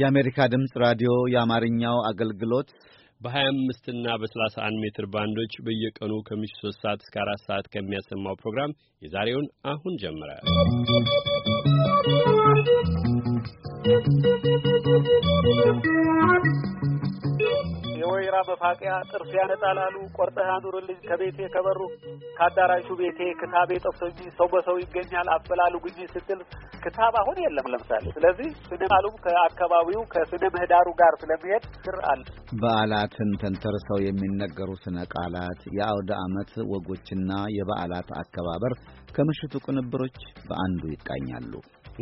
የአሜሪካ ድምፅ ራዲዮ የአማርኛው አገልግሎት በ25 እና በ31 ሜትር ባንዶች በየቀኑ ከምሽቱ 3 ሰዓት እስከ 4 ሰዓት ከሚያሰማው ፕሮግራም የዛሬውን አሁን ጀመረ። ¶¶ የወይራ መፋቂያ ጥርስ ያነጣላሉ። ቆርጠህ አኑርልኝ ከቤቴ ከበሩ ከአዳራሹ ቤቴ ክታቤ ጠፍቶ እንጂ ሰው በሰው ይገኛል አፈላሉ ጉጂ ስትል ክታብ አሁን የለም ለምሳሌ። ስለዚህ ስነ ከአካባቢው ከስነ ምህዳሩ ጋር ስለመሄድ ስር አለ። በዓላትን ተንተርሰው የሚነገሩ ስነ ቃላት፣ የአውደ ዓመት ወጎችና የበዓላት አከባበር ከምሽቱ ቅንብሮች በአንዱ ይቃኛሉ።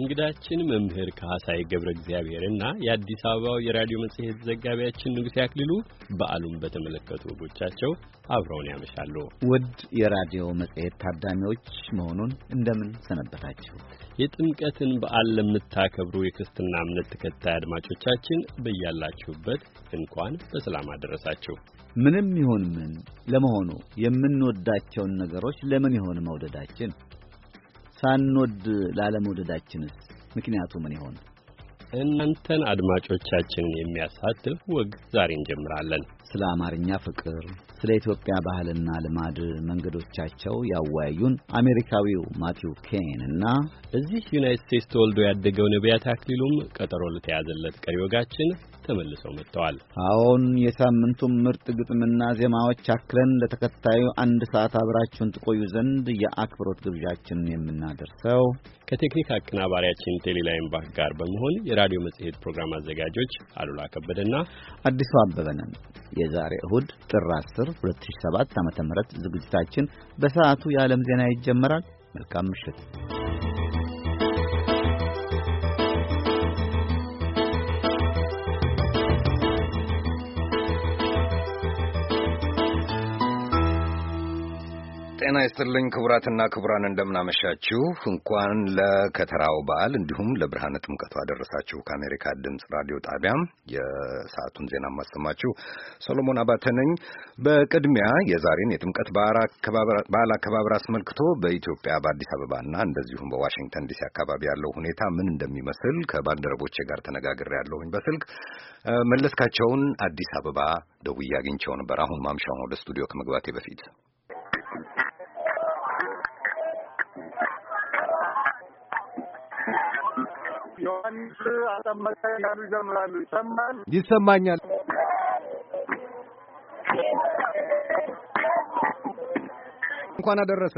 እንግዳችን መምህር ካሳይ ገብረ እግዚአብሔርና የአዲስ አበባው የራዲዮ መጽሔት ዘጋቢያችን ንጉሴ አክሊሉ በዓሉን በተመለከቱ ወጎቻቸው አብረውን ያመሻሉ። ውድ የራዲዮ መጽሔት ታዳሚዎች መሆኑን እንደምን ሰነበታችሁ? የጥምቀትን በዓል ለምታከብሩ የክርስትና እምነት ተከታይ አድማጮቻችን በያላችሁበት እንኳን በሰላም አደረሳችሁ። ምንም ይሁን ምን፣ ለመሆኑ የምንወዳቸውን ነገሮች ለምን ይሆን መውደዳችን? ሳንወድ ላለመውደዳችንስ ምክንያቱ ምን ይሆን? እናንተን አድማጮቻችንን የሚያሳትፍ ወግ ዛሬ እንጀምራለን። ስለ አማርኛ ፍቅር፣ ስለ ኢትዮጵያ ባህልና ልማድ መንገዶቻቸው ያወያዩን አሜሪካዊው ማቲው ኬን እና እዚህ ዩናይት ስቴትስ ተወልዶ ያደገው ነቢያት አክሊሉም ቀጠሮ ለተያዘለት ቀሪ ወጋችን ተመልሰው መጥተዋል። አሁን የሳምንቱ ምርጥ ግጥምና ዜማዎች አክለን ለተከታዩ አንድ ሰዓት አብራችሁን ትቆዩ ዘንድ የአክብሮት ግብዣችንን የምናደርሰው ከቴክኒክ አቀናባሪያችን ቴሌላይም ባክ ጋር በመሆን የራዲዮ መጽሔት ፕሮግራም አዘጋጆች አሉላ ከበደና አዲሱ አበበ ነን። የዛሬ እሁድ ጥር 10 2007 ዓ.ም ዝግጅታችን በሰዓቱ የዓለም ዜና ይጀመራል። መልካም ምሽት። ጤና ይስጥልኝ ክቡራትና ክቡራን፣ እንደምናመሻችሁ። እንኳን ለከተራው በዓል እንዲሁም ለብርሃነ ጥምቀቱ አደረሳችሁ። ከአሜሪካ ድምፅ ራዲዮ ጣቢያ የሰዓቱን ዜና ማሰማችሁ ሰሎሞን አባተ ነኝ። በቅድሚያ የዛሬን የጥምቀት በዓል አከባበር አስመልክቶ በኢትዮጵያ በአዲስ አበባና እንደዚሁም በዋሽንግተን ዲሲ አካባቢ ያለው ሁኔታ ምን እንደሚመስል ከባልደረቦቼ ጋር ተነጋግሬ ያለሁኝ በስልክ መለስካቸውን አዲስ አበባ ደውዬ አግኝቸው ነበር። አሁን ማምሻውን ወደ ስቱዲዮ ከመግባቴ በፊት ቀሚስ አጠመቀ ያሉ ይጀምራሉ። ይሰማል ይሰማኛል። እንኳን አደረሰ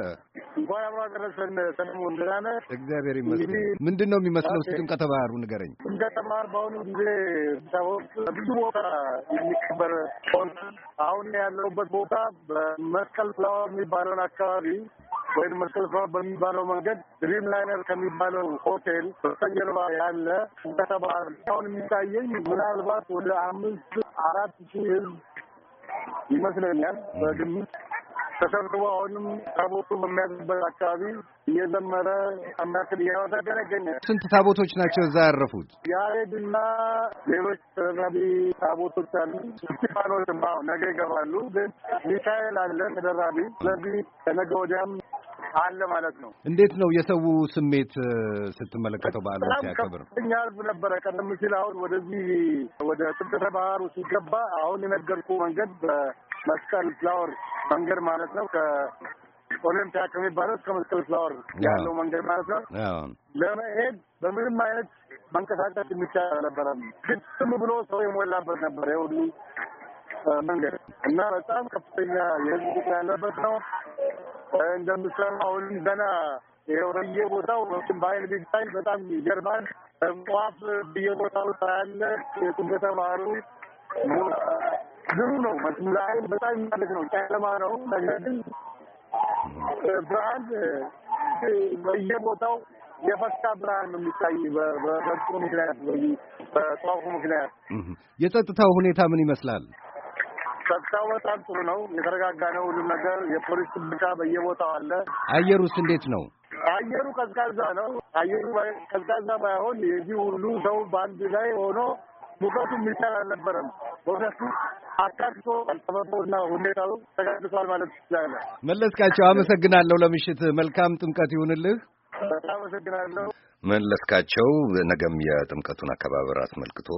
እንኳን አብሮ አደረሰን ሰለሞን። ደህና ነህ? እግዚአብሔር ይመስገን። ምንድን ነው የሚመስለው ጥምቀተ ባህሩ ንገረኝ። ጥምቀተ ባህር በአሁኑ ጊዜ ሰዎች ብዙ ቦታ የሚከበር ሆናል። አሁን ያለሁበት ቦታ በመስቀል ፍላዋ የሚባለውን አካባቢ ወይም መስቀል ፍላዋ በሚባለው መንገድ ድሪም ላይነር ከሚባለው ሆቴል በስተጀርባ ያለ ጥምቀተ ባህር አሁን የሚታየኝ ምናልባት ወደ አምስት አራት ሺህ ህዝብ ይመስለኛል በግምት ተሰብስቦ አሁንም ታቦቱ በሚያዝበት አካባቢ እየዘመረ አምናክል እያወዳደረ ይገኛል። ስንት ታቦቶች ናቸው እዛ ያረፉት? ያሬድና ሌሎች ተደራቢ ታቦቶች አሉ። ስቲፋኖችም አዎ ነገ ይገባሉ። ግን ሚካኤል አለ ተደራቢ። ስለዚህ ከነገ ወዲያም አለ ማለት ነው። እንዴት ነው የሰው ስሜት ስትመለከተው? በዓሉ ሲያከብር እኛ ህዝብ ነበረ። ቀደም ሲል አሁን ወደዚህ ወደ ጥምቀተ ባህሩ ሲገባ አሁን የነገርኩ መንገድ መስቀል ፍላወር መንገድ ማለት ነው። ከኦሎምፒያ ከሚባለው እስከ መስቀል ፍላወር ያለው መንገድ ማለት ነው። ለመሄድ በምንም አይነት መንቀሳቀስ የሚቻል አልነበረም። ግን ዝም ብሎ ሰው የሞላበት ነበር የሁሉ መንገድ እና በጣም ከፍተኛ የህዝብ ቁጥር ያለበት ነው። እንደምሰማ አሁንም ገና ይኸው በየቦታው በአይን ቢታይ በጣም ይገርማል። ጠዋፍ በየቦታው ታያለ የቁንበተ ባህሩ ዝም ነው። ዛሬ በጣም የሚያደግ ነው። ጨለማ ነው። ነገር ግን ብርሃን በየቦታው የፈካ ብርሃን ነው የሚታይ በበጡ ምክንያት በጧፉ ምክንያት። የጸጥታው ሁኔታ ምን ይመስላል? ጸጥታው በጣም ጥሩ ነው። የተረጋጋ ነው ሁሉም ነገር። የፖሊስ ጥበቃ በየቦታው አለ። አየር ውስጥ እንዴት ነው? አየሩ ቀዝቃዛ ነው። አየሩ ቀዝቃዛ ባይሆን የዚህ ሁሉ ሰው በአንድ ላይ ሆኖ ሙቀቱ የሚቻል አልነበረም። በእውነቱ አካቶ አልጠበበውና ሁኔታው ተጋግሷል ማለት ይችላለ። መለስካቸው፣ አመሰግናለሁ። ለምሽት መልካም ጥምቀት ይሁንልህ። አመሰግናለሁ። መለስካቸው ነገም የጥምቀቱን አከባበር አስመልክቶ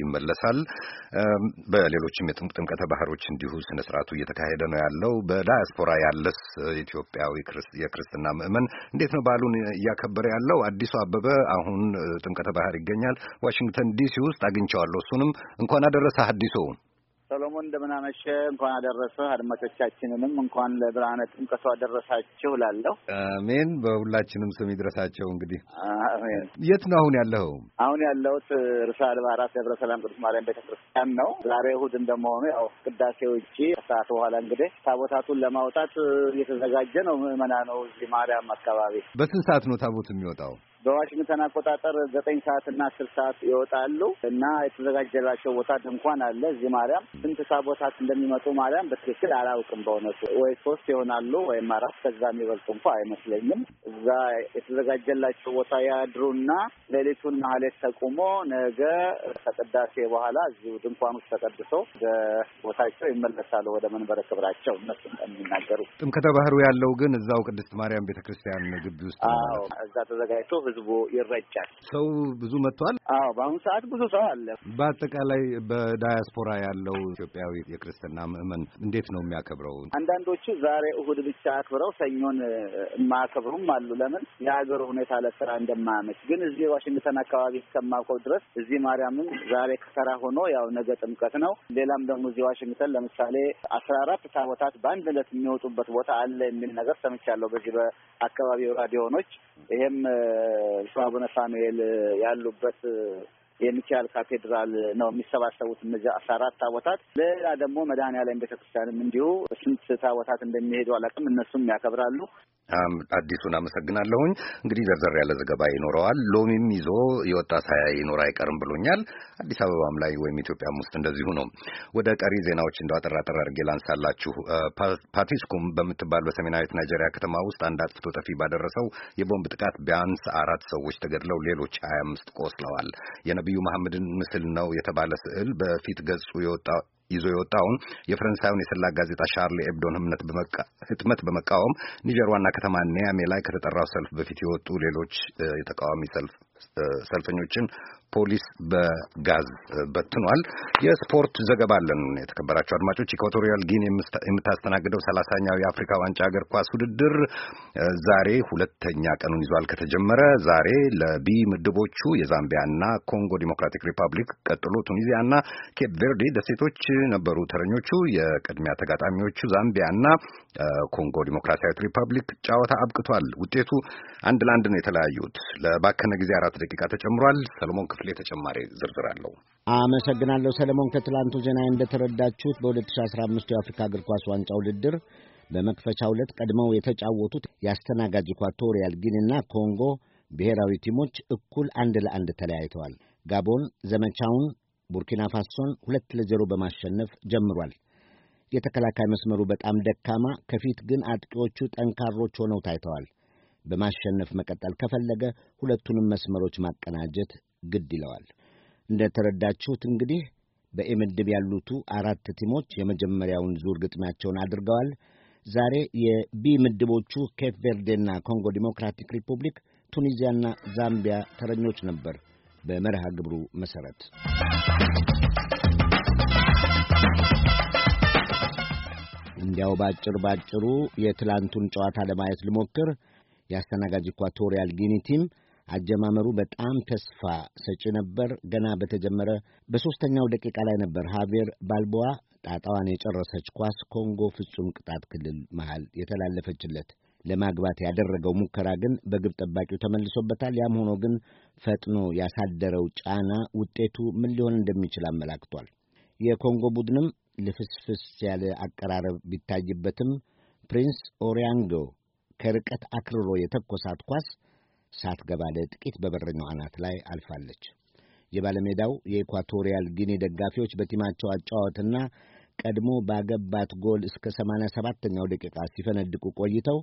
ይመለሳል። በሌሎችም የጥምቀተ ባህሮች እንዲሁ ስነ ስርዓቱ እየተካሄደ ነው ያለው። በዳያስፖራ ያለስ ኢትዮጵያዊ የክርስትና ምዕመን እንዴት ነው በዓሉን እያከበረ ያለው? አዲሱ አበበ አሁን ጥምቀተ ባህር ይገኛል። ዋሽንግተን ዲሲ ውስጥ አግኝቸዋለሁ። እሱንም እንኳን አደረሰ አዲሱውን ሰሎሞን እንደምናመሸ እንኳን አደረሰ። አድማጮቻችንንም እንኳን ለብርሃነ ጥምቀቱ አደረሳችሁ እላለሁ። አሜን። በሁላችንም ስም ይድረሳቸው። እንግዲህ አሜን። የት ነው አሁን ያለኸው? አሁን ያለሁት ርዕሰ አድባራት ደብረ ሰላም ቅዱስ ማርያም ቤተ ክርስቲያን ነው። ዛሬ እሁድ እንደመሆኑ ያው ቅዳሴ ውጪ ከሰዓት በኋላ እንግዲህ ታቦታቱን ለማውጣት እየተዘጋጀ ነው ምዕመና ነው እዚህ ማርያም አካባቢ። በስንት ሰዓት ነው ታቦት የሚወጣው? በዋሽንግተን አቆጣጠር ዘጠኝ ሰዓት እና አስር ሰዓት ይወጣሉ እና የተዘጋጀላቸው ቦታ ድንኳን አለ። እዚህ ማርያም ስንት ታቦታት እንደሚመጡ ማርያም በትክክል አላውቅም በእውነቱ ወይ ሶስት ይሆናሉ ወይም አራት ከዛ የሚበልጡ እንኳ አይመስለኝም። እዛ የተዘጋጀላቸው ቦታ ያድሩና ሌሊቱን ማህሌት ተቁሞ ነገ ከቅዳሴ በኋላ እዚሁ ድንኳን ውስጥ ተቀድሶ ቦታቸው ይመለሳሉ፣ ወደ መንበረ ክብራቸው እነሱ እንደሚናገሩ። ጥምቀተ ባህሩ ያለው ግን እዛው ቅድስት ማርያም ቤተክርስቲያን ግቢ ውስጥ እዛ ተዘጋጅቶ ህዝቡ ይረጫል። ሰው ብዙ መጥቷል። አዎ በአሁኑ ሰዓት ብዙ ሰው አለ። በአጠቃላይ በዳያስፖራ ያለው ኢትዮጵያዊ የክርስትና ምዕመን እንዴት ነው የሚያከብረው? አንዳንዶቹ ዛሬ እሁድ ብቻ አክብረው ሰኞን የማያከብሩም አሉ። ለምን የሀገሩ ሁኔታ ለስራ እንደማያመች። ግን እዚህ ዋሽንግተን አካባቢ እስከማውቀው ድረስ እዚህ ማርያምም ዛሬ ከተራ ሆኖ ያው ነገ ጥምቀት ነው። ሌላም ደግሞ እዚህ ዋሽንግተን ለምሳሌ አስራ አራት ታቦታት በአንድ ዕለት የሚወጡበት ቦታ አለ የሚል ነገር ሰምቻለሁ በዚህ በአካባቢው ራዲዮኖች። ይሄም ብፁዕ አቡነ ሳሙኤል ያሉበት የሚካኤል ካቴድራል ነው የሚሰባሰቡት እነዚህ አስራ አራት ታቦታት። ሌላ ደግሞ መድኃኔዓለም ቤተክርስቲያንም እንዲሁ ስንት ታቦታት እንደሚሄዱ አላውቅም። እነሱም ያከብራሉ። አዲሱን አመሰግናለሁኝ። እንግዲህ ዘርዘር ያለ ዘገባ ይኖረዋል። ሎሚም ይዞ የወጣ ሳያ ይኖር አይቀርም ብሎኛል። አዲስ አበባም ላይ ወይም ኢትዮጵያም ውስጥ እንደዚሁ ነው። ወደ ቀሪ ዜናዎች እንደ አጠራጠር አድርጌ ላንሳላችሁ። ፓቲስኩም በምትባል በሰሜናዊት ናይጄሪያ ከተማ ውስጥ አንድ አጥፍቶ ጠፊ ባደረሰው የቦምብ ጥቃት ቢያንስ አራት ሰዎች ተገድለው ሌሎች ሀያ አምስት ቆስለዋል። የነቢዩ መሐመድን ምስል ነው የተባለ ስዕል በፊት ገጹ የወጣ ይዞ የወጣውን የፈረንሳዩን የሰላቅ ጋዜጣ ሻርሊ ኤብዶን ህትመት በመቃወም ኒጀር ዋና ከተማ ኒያሜ ላይ ከተጠራው ሰልፍ በፊት የወጡ ሌሎች የተቃዋሚ ሰልፍ ሰልፈኞችን ፖሊስ በጋዝ በትኗል። የስፖርት ዘገባ አለን። የተከበራቸው አድማጮች ኢኳቶሪያል ጊኒ የምታስተናግደው ሰላሳኛው የአፍሪካ ዋንጫ እግር ኳስ ውድድር ዛሬ ሁለተኛ ቀኑን ይዟል። ከተጀመረ ዛሬ ለቢ ምድቦቹ የዛምቢያና ኮንጎ ዲሞክራቲክ ሪፐብሊክ ቀጥሎ ቱኒዚያና ኬፕ ቬርዴ ደሴቶች ነበሩ ተረኞቹ። የቅድሚያ ተጋጣሚዎቹ ዛምቢያና ኮንጎ ዲሞክራሲያዊት ሪፐብሊክ ጨዋታ አብቅቷል። ውጤቱ አንድ ለአንድ ነው የተለያዩት ለባከነ ጊዜ አራት ደቂቃ ተጨምሯል። ሰለሞን ክፍሌ ተጨማሪ ዝርዝር አለው። አመሰግናለሁ ሰለሞን። ከትላንቱ ዜና እንደተረዳችሁት በ2015 የአፍሪካ እግር ኳስ ዋንጫ ውድድር በመክፈቻ ዕለት ቀድመው የተጫወቱት የአስተናጋጅ ኢኳቶሪያል ጊኒና ኮንጎ ብሔራዊ ቲሞች እኩል አንድ ለአንድ ተለያይተዋል። ጋቦን ዘመቻውን ቡርኪና ፋሶን ሁለት ለዜሮ በማሸነፍ ጀምሯል። የተከላካይ መስመሩ በጣም ደካማ፣ ከፊት ግን አጥቂዎቹ ጠንካሮች ሆነው ታይተዋል። በማሸነፍ መቀጠል ከፈለገ ሁለቱንም መስመሮች ማቀናጀት ግድ ይለዋል። እንደ ተረዳችሁት እንግዲህ በኤ ምድብ ያሉቱ አራት ቲሞች የመጀመሪያውን ዙር ግጥሚያቸውን አድርገዋል። ዛሬ የቢ ምድቦቹ ኬፕ ቬርዴና ኮንጎ ዲሞክራቲክ ሪፑብሊክ፣ ቱኒዚያና ዛምቢያ ተረኞች ነበር። በመርሃ ግብሩ መሠረት እንዲያው ባጭር ባጭሩ የትላንቱን ጨዋታ ለማየት ልሞክር። የአስተናጋጅ ኢኳቶሪያል ጊኒ ቲም አጀማመሩ በጣም ተስፋ ሰጪ ነበር። ገና በተጀመረ በሦስተኛው ደቂቃ ላይ ነበር ሃቬር ባልቦዋ ጣጣዋን የጨረሰች ኳስ ኮንጎ ፍጹም ቅጣት ክልል መሃል የተላለፈችለት። ለማግባት ያደረገው ሙከራ ግን በግብ ጠባቂው ተመልሶበታል። ያም ሆኖ ግን ፈጥኖ ያሳደረው ጫና ውጤቱ ምን ሊሆን እንደሚችል አመላክቷል። የኮንጎ ቡድንም ልፍስፍስ ያለ አቀራረብ ቢታይበትም ፕሪንስ ኦሪያንጎ ከርቀት አክርሮ የተኮሳት ኳስ ሳትገባ ለጥቂት በበረኛው አናት ላይ አልፋለች። የባለሜዳው የኢኳቶሪያል ጊኒ ደጋፊዎች በቲማቸው አጫዋትና ቀድሞ ባገባት ጎል እስከ 87ኛው ደቂቃ ሲፈነድቁ ቆይተው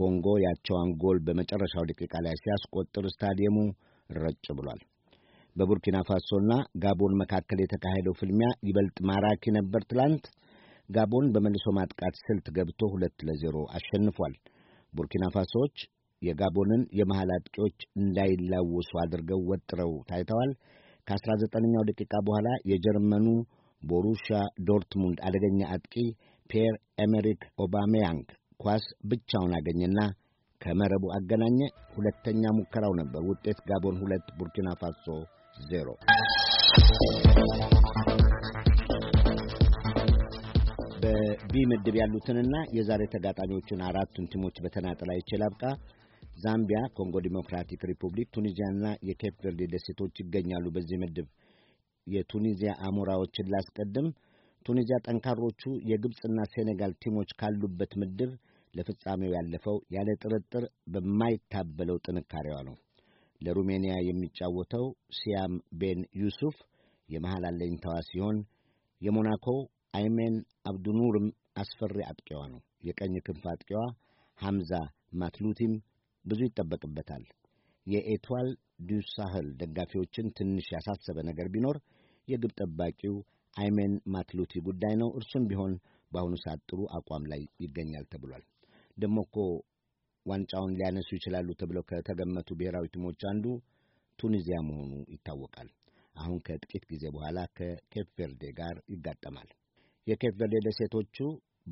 ኮንጎ ያቸዋን ጎል በመጨረሻው ደቂቃ ላይ ሲያስቆጥር ስታዲየሙ ረጭ ብሏል። በቡርኪና ፋሶና ጋቦን መካከል የተካሄደው ፍልሚያ ይበልጥ ማራኪ ነበር። ትላንት ጋቦን በመልሶ ማጥቃት ስልት ገብቶ ሁለት ለዜሮ አሸንፏል። ቡርኪና ፋሶዎች የጋቦንን የመሃል አጥቂዎች እንዳይላወሱ አድርገው ወጥረው ታይተዋል። ከ19ኛው ደቂቃ በኋላ የጀርመኑ ቦሩሻ ዶርትሙንድ አደገኛ አጥቂ ፒየር ኤሜሪክ ኦባሜያንግ ኳስ ብቻውን አገኘና ከመረቡ አገናኘ። ሁለተኛ ሙከራው ነበር። ውጤት ጋቦን ሁለት ቡርኪና ፋሶ ዜሮ በቢ ምድብ ያሉትንና የዛሬ ተጋጣሚዎቹን አራቱን ቲሞች በተናጠል አይቼ ላብቃ። ዛምቢያ፣ ኮንጎ ዲሞክራቲክ ሪፑብሊክ፣ ቱኒዚያና የኬፕ ቨርዴ ደሴቶች ይገኛሉ። በዚህ ምድብ የቱኒዚያ አሞራዎችን ላስቀድም። ቱኒዚያ ጠንካሮቹ የግብፅና ሴኔጋል ቲሞች ካሉበት ምድብ ለፍጻሜው ያለፈው ያለ ጥርጥር በማይታበለው ጥንካሬዋ ነው። ለሩሜኒያ የሚጫወተው ሲያም ቤን ዩሱፍ የመሃል አለኝታዋ ሲሆን የሞናኮው አይሜን አብዱኑርም አስፈሪ አጥቂዋ ነው። የቀኝ ክንፍ አጥቂዋ ሐምዛ ማትሉቲም ብዙ ይጠበቅበታል። የኤትዋል ዱሳህል ደጋፊዎችን ትንሽ ያሳሰበ ነገር ቢኖር የግብ ጠባቂው አይሜን ማትሉቲ ጉዳይ ነው። እርሱም ቢሆን በአሁኑ ሰዓት ጥሩ አቋም ላይ ይገኛል ተብሏል። ደሞ እኮ ዋንጫውን ሊያነሱ ይችላሉ ተብለው ከተገመቱ ብሔራዊ ቲሞች አንዱ ቱኒዚያ መሆኑ ይታወቃል። አሁን ከጥቂት ጊዜ በኋላ ከኬፕ ቬርዴ ጋር ይጋጠማል። ቨርዴ ደሴቶቹ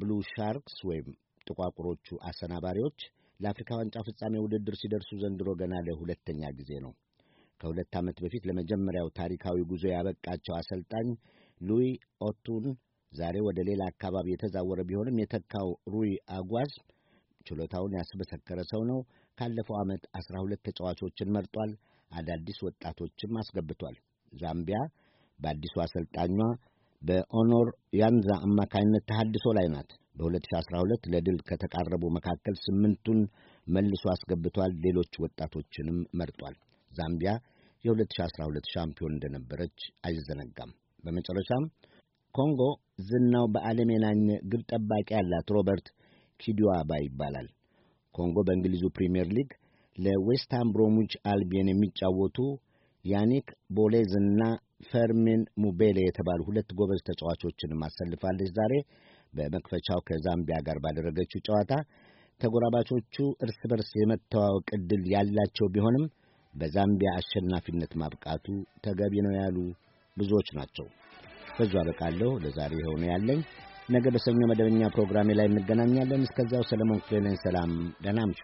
ብሉ ሻርክስ ወይም ጥቋቁሮቹ አሰናባሪዎች ለአፍሪካ ዋንጫ ፍጻሜ ውድድር ሲደርሱ ዘንድሮ ገና ለሁለተኛ ጊዜ ነው። ከሁለት ዓመት በፊት ለመጀመሪያው ታሪካዊ ጉዞ ያበቃቸው አሰልጣኝ ሉዊ ኦቱን ዛሬ ወደ ሌላ አካባቢ የተዛወረ ቢሆንም የተካው ሩይ አጓዝ ችሎታውን ያስበሰከረ ሰው ነው። ካለፈው ዓመት አስራ ሁለት ተጫዋቾችን መርጧል። አዳዲስ ወጣቶችም አስገብቷል። ዛምቢያ በአዲሱ አሰልጣኟ በኦኖር ያንዛ አማካኝነት ተሃድሶ ላይ ናት። በ2012 ለድል ከተቃረቡ መካከል ስምንቱን መልሶ አስገብቷል። ሌሎች ወጣቶችንም መርጧል። ዛምቢያ የ2012 ሻምፒዮን እንደነበረች አይዘነጋም። በመጨረሻም ኮንጎ ዝናው በዓለም የናኘ ግብ ጠባቂ ያላት ሮበርት ኪዲዋባ ይባላል። ኮንጎ በእንግሊዙ ፕሪምየር ሊግ ለዌስትሃም ብሮሙች አልቢየን የሚጫወቱ ያኒክ ቦሌዝና ፈርሚን ሙቤሌ የተባሉ ሁለት ጎበዝ ተጫዋቾችንም አሰልፋለች። ዛሬ በመክፈቻው ከዛምቢያ ጋር ባደረገችው ጨዋታ ተጎራባቾቹ እርስ በርስ የመተዋወቅ ዕድል ያላቸው ቢሆንም በዛምቢያ አሸናፊነት ማብቃቱ ተገቢ ነው ያሉ ብዙዎች ናቸው። በዙ አበቃለሁ። ለዛሬ የሆኑ ያለኝ ነገ በሰኞ መደበኛ ፕሮግራሜ ላይ እንገናኛለን። እስከዚያው ሰለሞን ክፍሌ ነኝ። ሰላም፣ ደህና አምሹ።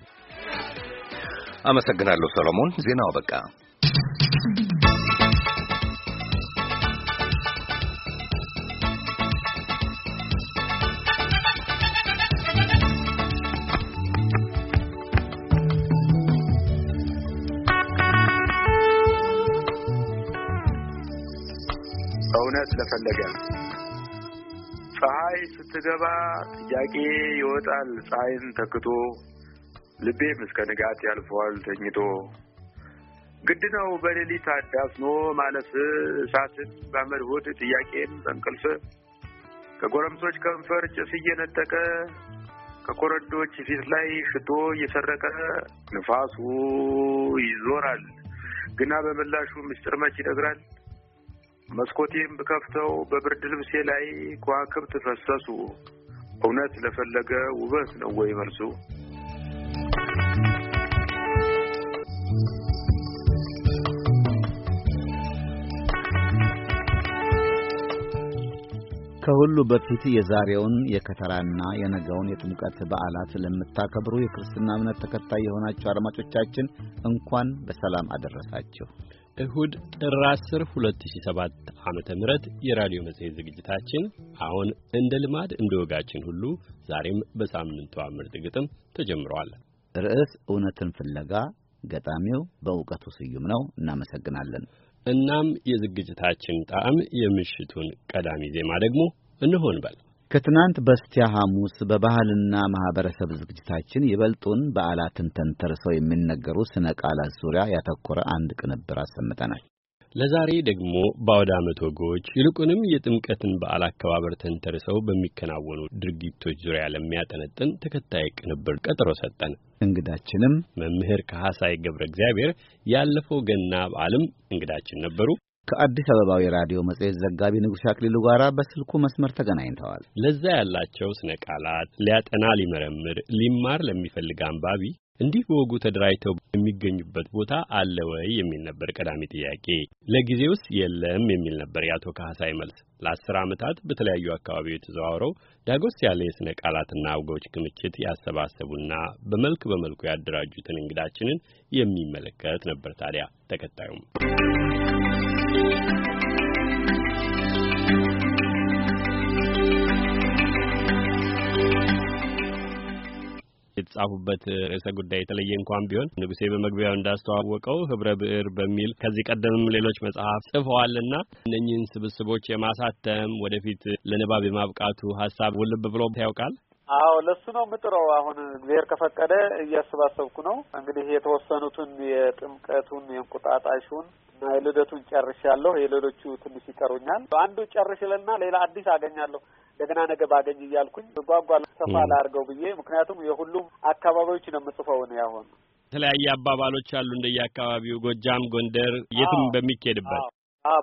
አመሰግናለሁ ሰሎሞን። ዜናው አበቃ። ስለፈለገ ፀሐይ ስትገባ ጥያቄ ይወጣል ፀሐይን ተክቶ ልቤም እስከ ንጋት ያልፈዋል ተኝቶ ግድ ነው በሌሊት አዳፍኖ ማለፍ እሳትን ባመድ ሆድ ጥያቄን በእንቅልፍ ከጎረምሶች ከንፈር ጭስ እየነጠቀ ከኮረዶች ፊት ላይ ሽቶ እየሰረቀ ንፋሱ ይዞራል ግና በምላሹ ምስጢር መች ይነግራል መስኮቴም ብከፍተው በብርድ ልብሴ ላይ ከዋክብት ፈሰሱ። እውነት ለፈለገ ውበት ነው ወይ መልሱ? ከሁሉ በፊት የዛሬውን የከተራና የነገውን የጥምቀት በዓላት ለምታከብሩ የክርስትና እምነት ተከታይ የሆናችሁ አድማጮቻችን እንኳን በሰላም አደረሳችሁ። እሁድ ጥር 10 2007 ዓመተ ምህረት የራዲዮ መጽሔት ዝግጅታችን አሁን እንደ ልማድ እንደ ወጋችን ሁሉ ዛሬም በሳምንቱ ምርጥ ግጥም ተጀምሯል። ርዕስ እውነትን ፍለጋ፣ ገጣሚው በእውቀቱ ስዩም ነው። እናመሰግናለን። እናም የዝግጅታችን ጣዕም የምሽቱን ቀዳሚ ዜማ ደግሞ እንሆን በል ከትናንት በስቲያ ሐሙስ በባህልና ማኅበረሰብ ዝግጅታችን ይበልጡን በዓላትን ተንተርሰው የሚነገሩ ስነ ቃላት ዙሪያ ያተኮረ አንድ ቅንብር አሰምተናል። ለዛሬ ደግሞ በአውደ ዓመት ወጎች ይልቁንም የጥምቀትን በዓል አከባበር ተንተርሰው በሚከናወኑ ድርጊቶች ዙሪያ ለሚያጠነጥን ተከታይ ቅንብር ቀጠሮ ሰጠን። እንግዳችንም መምህር ከሐሳይ ገብረ እግዚአብሔር ያለፈው ገና በዓልም እንግዳችን ነበሩ። ከአዲስ አበባዊ የራዲዮ መጽሔት ዘጋቢ ንጉሥ አክሊሉ ጋር በስልኩ መስመር ተገናኝተዋል። ለዛ ያላቸው ስነ ቃላት ሊያጠና፣ ሊመረምር፣ ሊማር ለሚፈልግ አንባቢ እንዲህ በወጉ ተደራጅተው የሚገኙበት ቦታ አለ ወይ የሚል ነበር ቀዳሚ ጥያቄ። ለጊዜውስ የለም የሚል ነበር የአቶ ካህሳይ መልስ። ለአስር ዓመታት በተለያዩ አካባቢዎች ተዘዋውረው ዳጎስ ያለ የሥነ ቃላትና አውጎች ክምችት ያሰባሰቡና በመልክ በመልኩ ያደራጁትን እንግዳችንን የሚመለከት ነበር። ታዲያ ተከታዩም የተጻፉበት ርዕሰ ጉዳይ የተለየ እንኳን ቢሆን ንጉሴ በመግቢያው እንዳስተዋወቀው ህብረ ብዕር በሚል ከዚህ ቀደምም ሌሎች መጽሐፍ ጽፈዋልና እነኚህን ስብስቦች የማሳተም ወደፊት ለንባብ የማብቃቱ ሀሳብ ውልብ ብሎ ያውቃል? አዎ ለሱ ነው የምጥረው። አሁን እግዚአብሔር ከፈቀደ እያሰባሰብኩ ነው። እንግዲህ የተወሰኑትን የጥምቀቱን፣ የእንቁጣጣሹን እና የልደቱን ጨርሻለሁ። የሌሎቹ ትንሽ ይቀሩኛል። አንዱ ጨርሽልና ሌላ አዲስ አገኛለሁ እንደገና ነገ ባገኝ እያልኩኝ ጓጓ ሰፋ ላርገው ብዬ ምክንያቱም የሁሉም አካባቢዎች ነው የምጽፈው ነው ያሆን የተለያየ አባባሎች አሉ እንደየ አካባቢው ጎጃም፣ ጎንደር የትም በሚኬድበት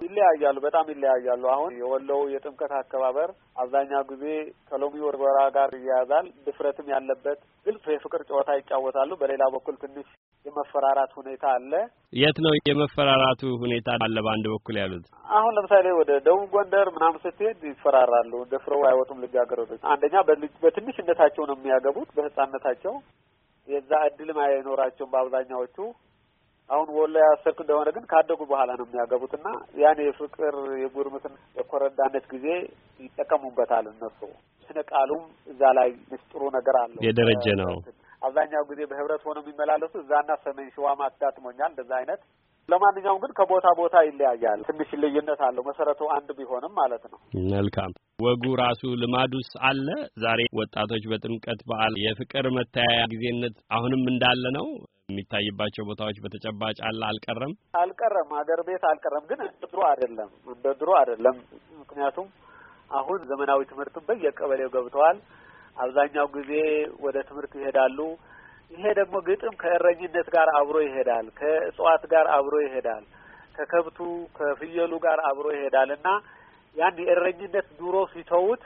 ይለያያሉ፣ በጣም ይለያያሉ። አሁን የወሎው የጥምቀት አከባበር አብዛኛው ጊዜ ከሎሚ ወርወራ ጋር ይያያዛል። ድፍረትም ያለበት ግልጽ የፍቅር ጨዋታ ይጫወታሉ። በሌላ በኩል ትንሽ የመፈራራት ሁኔታ አለ። የት ነው የመፈራራቱ ሁኔታ አለ? በአንድ በኩል ያሉት አሁን ለምሳሌ ወደ ደቡብ ጎንደር ምናምን ስትሄድ ይፈራራሉ። ደፍረው አይወጡም ልጃገረዶች። አንደኛ በትንሽነታቸው ነው የሚያገቡት፣ በህፃነታቸው የዛ እድልም አይኖራቸውም በአብዛኛዎቹ አሁን ወሎ ያሰርኩ እንደሆነ ግን ካደጉ በኋላ ነው የሚያገቡት እና ያን የፍቅር የጉርምትን የኮረዳነት ጊዜ ይጠቀሙበታል እነሱ። ስነ ቃሉም እዛ ላይ ምስጥሩ ነገር አለው የደረጀ ነው። አብዛኛው ጊዜ በህብረት ሆነው የሚመላለሱ እዛና ሰሜን ሸዋ ማጋጥሞኛል እንደዛ አይነት ለማንኛውም ግን ከቦታ ቦታ ይለያያል። ትንሽ ልዩነት አለው። መሰረቱ አንድ ቢሆንም ማለት ነው። መልካም ወጉ ራሱ ልማዱስ አለ። ዛሬ ወጣቶች በጥምቀት በዓል የፍቅር መተያያ ጊዜነት አሁንም እንዳለ ነው። የሚታይባቸው ቦታዎች በተጨባጭ አለ አልቀረም አልቀረም አገር ቤት አልቀረም፣ ግን እንደ ድሮ አይደለም እንደ ድሮ አይደለም። ምክንያቱም አሁን ዘመናዊ ትምህርት በየቀበሌው ገብተዋል። አብዛኛው ጊዜ ወደ ትምህርት ይሄዳሉ። ይሄ ደግሞ ግጥም ከእረኝነት ጋር አብሮ ይሄዳል፣ ከእጽዋት ጋር አብሮ ይሄዳል፣ ከከብቱ ከፍየሉ ጋር አብሮ ይሄዳል እና ያን የእረኝነት ዱሮ ሲተውት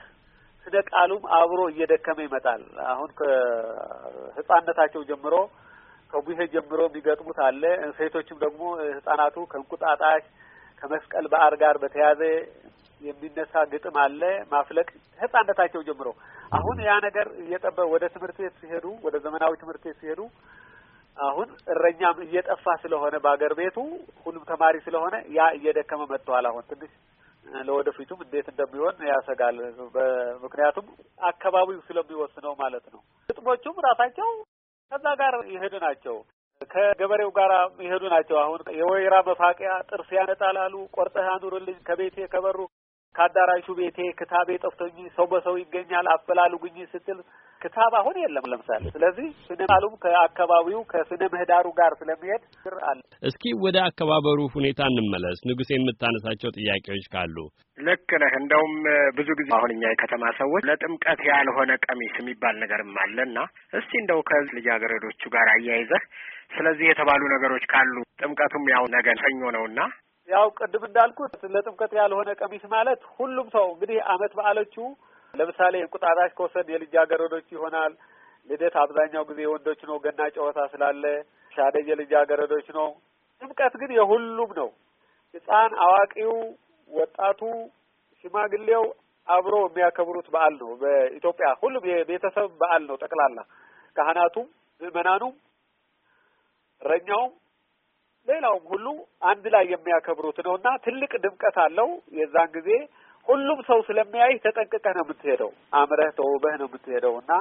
ስነ ቃሉም አብሮ እየደከመ ይመጣል። አሁን ከህጻንነታቸው ጀምሮ ከቡሄ ጀምሮ የሚገጥሙት አለ። ሴቶችም ደግሞ ህጻናቱ ከእንቁጣጣሽ ከመስቀል በዓል ጋር በተያያዘ የሚነሳ ግጥም አለ። ማፍለቅ ህጻነታቸው ጀምሮ አሁን ያ ነገር እየጠበ ወደ ትምህርት ቤት ሲሄዱ ወደ ዘመናዊ ትምህርት ቤት ሲሄዱ አሁን እረኛም እየጠፋ ስለሆነ በአገር ቤቱ ሁሉም ተማሪ ስለሆነ ያ እየደከመ መጥተዋል። አሁን ትንሽ ለወደፊቱም እንዴት እንደሚሆን ያሰጋል። ምክንያቱም አካባቢው ስለሚወስነው ማለት ነው። ግጥሞቹም ራሳቸው ከዛ ጋር የሄዱ ናቸው። ከገበሬው ጋር የሄዱ ናቸው። አሁን የወይራ መፋቂያ ጥርስ ያነጣላሉ። ቆርጠህ አኑርልኝ ከቤቴ ከበሩ ከአዳራሹ ቤቴ ክታቤ ጠፍቶኝ ሰው በሰው ይገኛል አፈላልጉኝ ስትል ክታብ አሁን የለም ለምሳሌ። ስለዚህ ስነ ቃሉም ከአካባቢው ከስነ ምህዳሩ ጋር ስለሚሄድ ር አለ። እስኪ ወደ አከባበሩ ሁኔታ እንመለስ። ንጉሴ የምታነሳቸው ጥያቄዎች ካሉ ልክ ነህ። እንደውም ብዙ ጊዜ አሁን እኛ የከተማ ሰዎች ለጥምቀት ያልሆነ ቀሚስ የሚባል ነገርም አለ እና እስቲ እንደው ከልጃገረዶቹ ጋር አያይዘህ ስለዚህ የተባሉ ነገሮች ካሉ ጥምቀቱም ያው ነገ ሰኞ ነውና ያው ቅድም እንዳልኩት ለጥምቀት ያልሆነ ቀሚስ ማለት ሁሉም ሰው እንግዲህ አመት በዓሎቹ ለምሳሌ እንቁጣጣሽ ከወሰድ የልጃገረዶች ይሆናል። ልደት አብዛኛው ጊዜ የወንዶች ነው። ገና ጨዋታ ስላለ ሻደይ የልጃገረዶች ነው። ጥምቀት ግን የሁሉም ነው። ሕፃን፣ አዋቂው፣ ወጣቱ፣ ሽማግሌው አብሮ የሚያከብሩት በዓል ነው። በኢትዮጵያ ሁሉም የቤተሰብ በዓል ነው። ጠቅላላ ካህናቱም፣ ምዕመናኑም፣ እረኛውም፣ ሌላውም ሁሉ አንድ ላይ የሚያከብሩት ነው እና ትልቅ ድምቀት አለው የዛን ጊዜ ሁሉም ሰው ስለሚያይህ ተጠንቅቀህ ነው የምትሄደው። አምረህ ተውበህ ነው የምትሄደው እና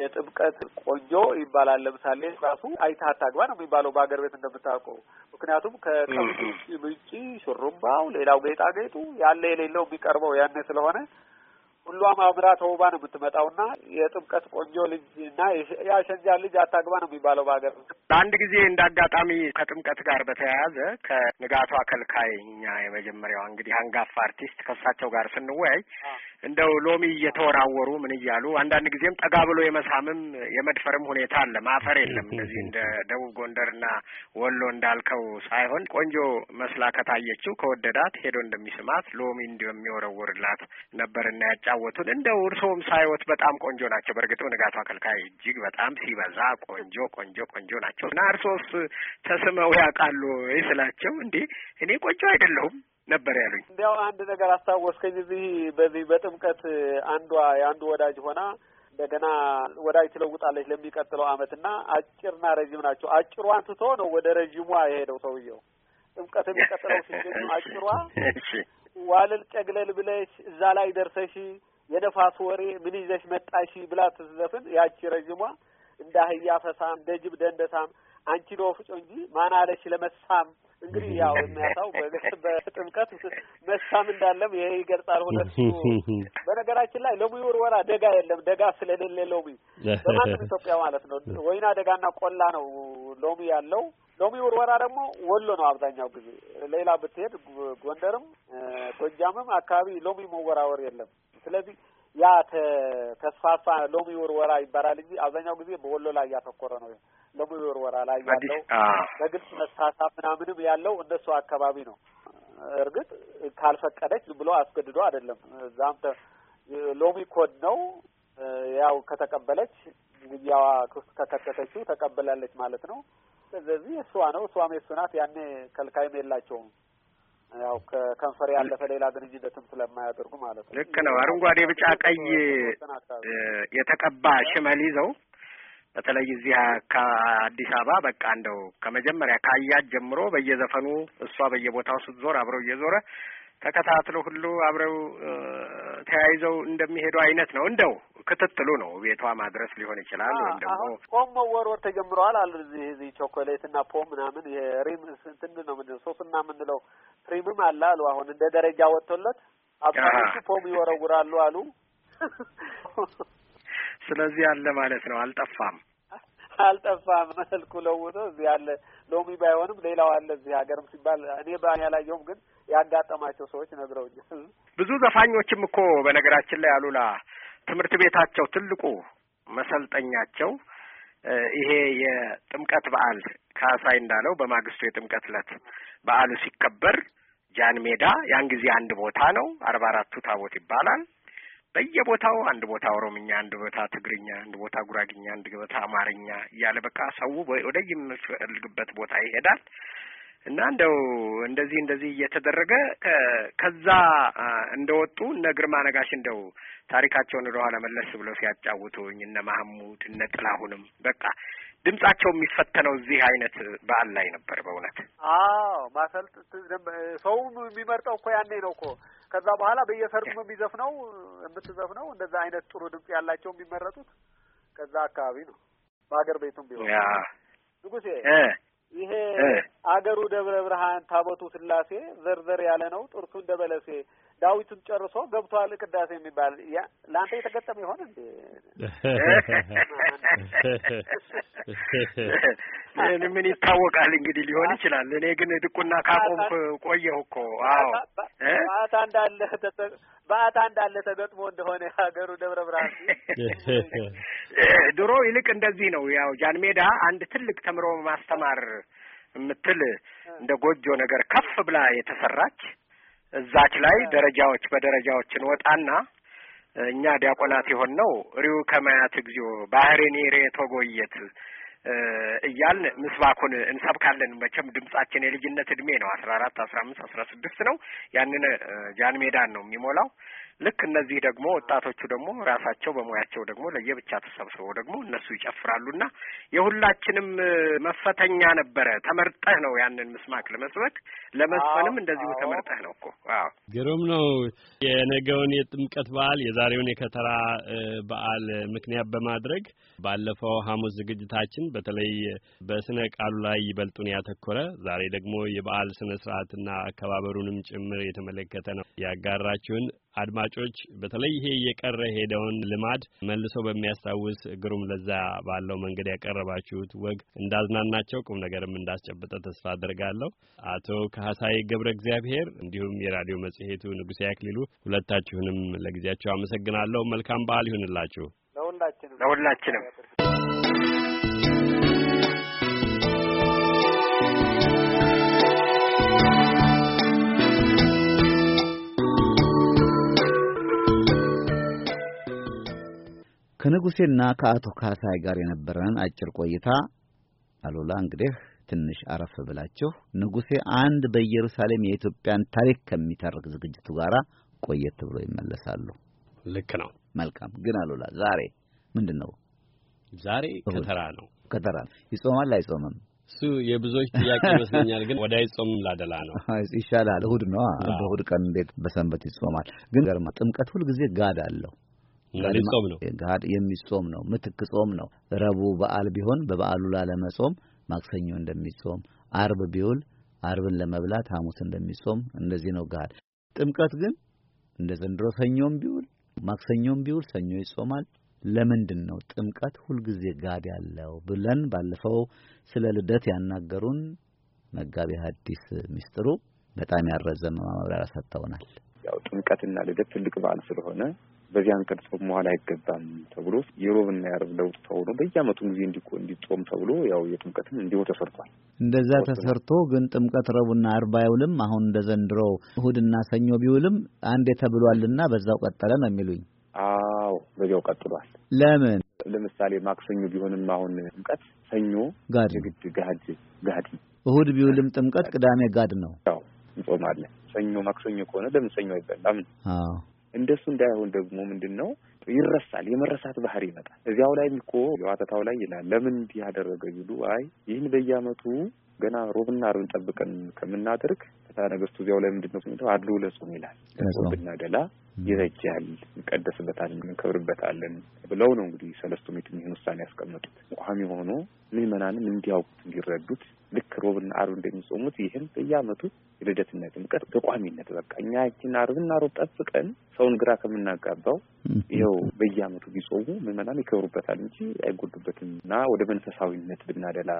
የጥምቀት ቆንጆ ይባላል። ለምሳሌ ራሱ አይተህ አታግባ ነው የሚባለው በሀገር ቤት እንደምታውቀው። ምክንያቱም ከቀምጭ ምንጭ፣ ሹሩባው፣ ሌላው ጌጣጌጡ ያለ የሌለው የሚቀርበው ያኔ ስለሆነ ሁሏም አምራ ተውባ ነው የምትመጣው የጥምቀት ቆንጆ ልጅ እና የአሸንጃ ልጅ አታግባ ነው የሚባለው በሀገር በአንድ ጊዜ እንደ አጋጣሚ ከጥምቀት ጋር በተያያዘ ከንጋቱ አከልካይ እኛ የመጀመሪያዋ እንግዲህ አንጋፋ አርቲስት ከእሳቸው ጋር ስንወያይ እንደው ሎሚ እየተወራወሩ ምን እያሉ አንዳንድ ጊዜም ጠጋ ብሎ የመሳምም የመድፈርም ሁኔታ አለ። ማፈር የለም። እነዚህ እንደ ደቡብ ጎንደርና ወሎ እንዳልከው ሳይሆን ቆንጆ መስላ ከታየችው ከወደዳት ሄዶ እንደሚስማት ሎሚ እንደሚወረውርላት ነበርና ያጫ የሚጫወቱት። እንደው እርስዎም ሳይወት በጣም ቆንጆ ናቸው። በእርግጥም ንጋቱ አከልካይ እጅግ በጣም ሲበዛ ቆንጆ ቆንጆ ቆንጆ ናቸው እና እርሶስ ተስመው ያውቃሉ ወይ ስላቸው፣ እንዴ እኔ ቆንጆ አይደለሁም ነበር ያሉኝ። እንዲያው አንድ ነገር አስታወስከኝ። እዚህ በዚህ በጥምቀት አንዷ የአንዱ ወዳጅ ሆና እንደገና ወዳጅ ትለውጣለች ለሚቀጥለው አመት እና አጭርና ረዥም ናቸው። አጭሯ አንስቶ ነው ወደ ረዥሟ የሄደው ሰውየው። ጥምቀት የሚቀጥለው ሲገኙ አጭሯ ዋልል ጨግለል ብለሽ እዛ ላይ ደርሰሽ የነፋስ ወሬ ምን ይዘሽ መጣሽ ብላ ትዘፍን ያቺ ረዥሟ እንደ አህያ ፈሳም እንደ ጅብ ደንደሳም አንቺ ነው ፍጮ እንጂ ማን አለሽ ለመሳም እንግዲህ ያው የሚያሳው በጥምቀት መሳም እንዳለም ይሄ ይገልጻል። ሆነሱ በነገራችን ላይ ሎሚ ውርወራ ደጋ የለም ደጋ ስለሌለ ሎሚ በማንም ኢትዮጵያ ማለት ነው ወይና ደጋና ቆላ ነው ሎሚ ያለው። ሎሚ ውርወራ ደግሞ ወሎ ነው አብዛኛው ጊዜ። ሌላ ብትሄድ ጎንደርም ጎጃምም አካባቢ ሎሚ መወራወር የለም። ስለዚህ ያ ተስፋፋ ሎሚ ውርወራ ይባላል እንጂ አብዛኛው ጊዜ በወሎ ላይ እያተኮረ ነው። ሎሚ ውርወራ ላይ ያለው በግልጽ መሳሳብ ምናምንም ያለው እነሱ አካባቢ ነው። እርግጥ ካልፈቀደች ብሎ አስገድዶ አይደለም። እዛም ሎሚ ኮድ ነው። ያው ከተቀበለች ግያዋ ክስ ከከተተችው ተቀበላለች ማለት ነው። ስለዚህ እሷ ነው እሷም የሱ ናት። ያኔ ከልካይም የላቸውም። ያው ከከንፈር ያለፈ ሌላ ግንኙነትም ስለማያደርጉ ማለት ነው። ልክ ነው። አረንጓዴ፣ ቢጫ፣ ቀይ የተቀባ ሽመል ይዘው በተለይ እዚህ ከአዲስ አበባ በቃ እንደው ከመጀመሪያ ካያት ጀምሮ በየዘፈኑ እሷ በየቦታው ስትዞር አብረው እየዞረ ተከታትሎ ሁሉ አብረው ተያይዘው እንደሚሄዱ አይነት ነው። እንደው ክትትሉ ነው ቤቷ ማድረስ ሊሆን ይችላል። ወይም ደግሞ ፖም መወርወር ተጀምረዋል አሉ እዚህ እዚህ ቾኮሌት እና ፖም ምናምን ይሄ ሪም ነው ምንድን ሶስና የምንለው ሪምም አለ አሉ። አሁን እንደ ደረጃ ወጥቶለት አብዛኞቹ ፖም ይወረውራሉ አሉ። ስለዚህ አለ ማለት ነው። አልጠፋም አልጠፋም መልኩ ለውጦ እዚህ አለ። ሎሚ ባይሆንም ሌላው አለ እዚህ ሀገርም ሲባል እኔ ያላየሁም ግን ያጋጠማቸው ሰዎች ነግረውኛል። ብዙ ዘፋኞችም እኮ በነገራችን ላይ አሉላ ትምህርት ቤታቸው ትልቁ መሰልጠኛቸው ይሄ የጥምቀት በዓል ካሳይ እንዳለው በማግስቱ የጥምቀት ዕለት በዓሉ ሲከበር ጃን ሜዳ ያን ጊዜ አንድ ቦታ ነው። አርባ አራቱ ታቦት ይባላል። በየቦታው አንድ ቦታ ኦሮምኛ፣ አንድ ቦታ ትግርኛ፣ አንድ ቦታ ጉራግኛ፣ አንድ ቦታ አማርኛ እያለ በቃ ሰው ወደ የምፈልግበት ቦታ ይሄዳል እና እንደው እንደዚህ እንደዚህ እየተደረገ ከዛ እንደወጡ እነ ግርማ ነጋሽ እንደው ታሪካቸውን ወደኋላ መለስ ብለው ሲያጫውቱኝ እነ ማህሙድ እነ ጥላሁንም በቃ ድምጻቸው የሚፈተነው እዚህ አይነት በዓል ላይ ነበር። በእውነት አዎ፣ ማሰልጥ ሰውም የሚመርጠው እኮ ያኔ ነው እኮ። ከዛ በኋላ በየሰርጉም የሚዘፍነው የምትዘፍነው እንደዛ አይነት ጥሩ ድምጽ ያላቸው የሚመረጡት ከዛ አካባቢ ነው። በሀገር ቤቱም ቢሆን ንጉሴ ይሄ አገሩ ደብረ ብርሃን ታቦቱ ስላሴ ዘርዘር ያለ ነው ጥርሱ እንደ በለሴ ዳዊቱን ጨርሶ ገብቷል። ቅዳሴ የሚባል ያ ለአንተ የተገጠመ ይሆን እንዴ? ምን ይታወቃል እንግዲህ ሊሆን ይችላል። እኔ ግን ድቁና ካቆምኩ ቆየሁ እኮ። አዎ በአታ እንዳለ በአታ እንዳለ ተገጥሞ እንደሆነ ሀገሩ ደብረ ብርሃን ድሮ ይልቅ እንደዚህ ነው። ያው ጃንሜዳ አንድ ትልቅ ተምሮ ማስተማር የምትል እንደ ጎጆ ነገር ከፍ ብላ የተሰራች እዛች ላይ ደረጃዎች በደረጃዎች እንወጣና እኛ ዲያቆናት የሆን ነው ሪው ከማያት እግዚኦ ባህሬን ሬ ቶጎየት እያልን ምስባኩን እንሰብካለን። መቼም ድምጻችን የልጅነት እድሜ ነው። አስራ አራት አስራ አምስት አስራ ስድስት ነው። ያንን ጃን ሜዳን ነው የሚሞላው። ልክ እነዚህ ደግሞ ወጣቶቹ ደግሞ ራሳቸው በሙያቸው ደግሞ ለየብቻ ተሰብስበው ደግሞ እነሱ ይጨፍራሉና የሁላችንም መፈተኛ ነበረ። ተመርጠህ ነው ያንን ምስማክ ለመስበክ ለመስፈንም እንደዚሁ ተመርጠህ ነው እኮ። ግሩም ነው። የነገውን የጥምቀት በዓል የዛሬውን የከተራ በዓል ምክንያት በማድረግ ባለፈው ሐሙስ ዝግጅታችን በተለይ በስነ ቃሉ ላይ ይበልጡን ያተኮረ ዛሬ ደግሞ የበዓል ስነ ስርዓትና አከባበሩንም ጭምር የተመለከተ ነው ያጋራችሁን። አድማጮች በተለይ ይሄ የቀረ ሄደውን ልማድ መልሶ በሚያስታውስ ግሩም ለዛ ባለው መንገድ ያቀረባችሁት ወግ እንዳዝናናቸው ቁም ነገርም እንዳስጨበጠ ተስፋ አድርጋለሁ። አቶ ካህሳይ ገብረ እግዚአብሔር እንዲሁም የራዲዮ መጽሔቱ ንጉሴ አክሊሉ ሁለታችሁንም ለጊዜያቸው አመሰግናለሁ። መልካም በዓል ይሁንላችሁ። ለሁላችንም ለሁላችንም ከንጉሴና ከአቶ ካሳይ ጋር የነበረን አጭር ቆይታ አሉላ እንግዲህ ትንሽ አረፍ ብላችሁ ንጉሴ አንድ በኢየሩሳሌም የኢትዮጵያን ታሪክ ከሚተርክ ዝግጅቱ ጋር ቆየት ብሎ ይመለሳሉ። ልክ ነው። መልካም ግን አሉላ ዛሬ ምንድን ነው? ዛሬ ከተራ ነው። ከተራ ይጾማል አይጾምም? እሱ የብዙዎች ጥያቄ ይመስለኛል። ግን ወደ አይጾም ላደላ ነው ይሻላል። እሁድ ነው። በእሁድ ቀን እንዴት በሰንበት ይጾማል? ግን ጥምቀት ሁልጊዜ ጋድ አለው። ጋድ የሚጾም ነው። ምትክ ጾም ነው። ረቡዕ በዓል ቢሆን በበዓሉ ላለመጾም ማክሰኞ እንደሚጾም፣ አርብ ቢውል አርብን ለመብላት ሐሙስ እንደሚጾም እንደዚህ ነው ጋድ። ጥምቀት ግን እንደ ዘንድሮ ሰኞም ቢውል ማክሰኞም ቢውል ሰኞ ይጾማል። ለምንድን ነው ጥምቀት ሁልጊዜ ጋድ ያለው ብለን ባለፈው ስለ ልደት ያናገሩን መጋቢ ሐዲስ ሚስጥሩ በጣም ያረዘመ ማብራሪያ ሰጥተውናል። ያው ጥምቀትና ልደት ትልቅ በዓል ስለሆነ በዚያን ቀን ጾም መዋል አይገባም ተብሎ የሮብና የአርብ ለውጥ ተሆኖ በየአመቱም ጊዜ እንዲጾም ተብሎ ያው የጥምቀትም እንዲሁ ተሰርቷል። እንደዛ ተሰርቶ ግን ጥምቀት ረቡና አርብ አይውልም። አሁን እንደ ዘንድሮ እሁድና ሰኞ ቢውልም አንዴ ተብሏልና በዛው ቀጠለ ነው የሚሉኝ። አዎ በዚያው ቀጥሏል። ለምን ለምሳሌ ማክሰኞ ቢሆንም አሁን ጥምቀት ሰኞ ጋድ ጋድ ጋድ እሁድ ቢውልም ጥምቀት ቅዳሜ ጋድ ነው። ያው እንጾማለን። ሰኞ ማክሰኞ ከሆነ ለምን ሰኞ አይበላም? አዎ እንደሱ እንዳይሆን ደግሞ ምንድን ነው ይረሳል። የመረሳት ባህሪ ይመጣል። እዚያው ላይ እኮ የዋተታው ላይ ይላል ለምን እንዲህ ያደረገ ቢሉ አይ ይህን በየአመቱ ገና ሮብና አርብን ጠብቀን ከምናደርግ ታ ነገስቱ እዚያው ላይ ምንድን ነው አድሎ ለጾም ይላል። ብናደላ ይበጃል፣ እንቀደስበታለን፣ እንከብርበታለን ብለው ነው እንግዲህ ሰለስቱ ምዕት ይህን ውሳኔ ያስቀመጡት። ቋሚ ሆኖ ምዕመናንም እንዲያውቁት እንዲረዱት ልክ ሮብና አርብ እንደሚጾሙት ይህም በየዓመቱ የልደትና ጥምቀት በቋሚነት በቃ እኛ ይችን አርብና ሮብ ጠብቀን ሰውን ግራ ከምናጋባው ይኸው በየዓመቱ ቢጾሙ ምዕመናን ይከብሩበታል እንጂ አይጎዱበትም እና ወደ መንፈሳዊነት ብናደላ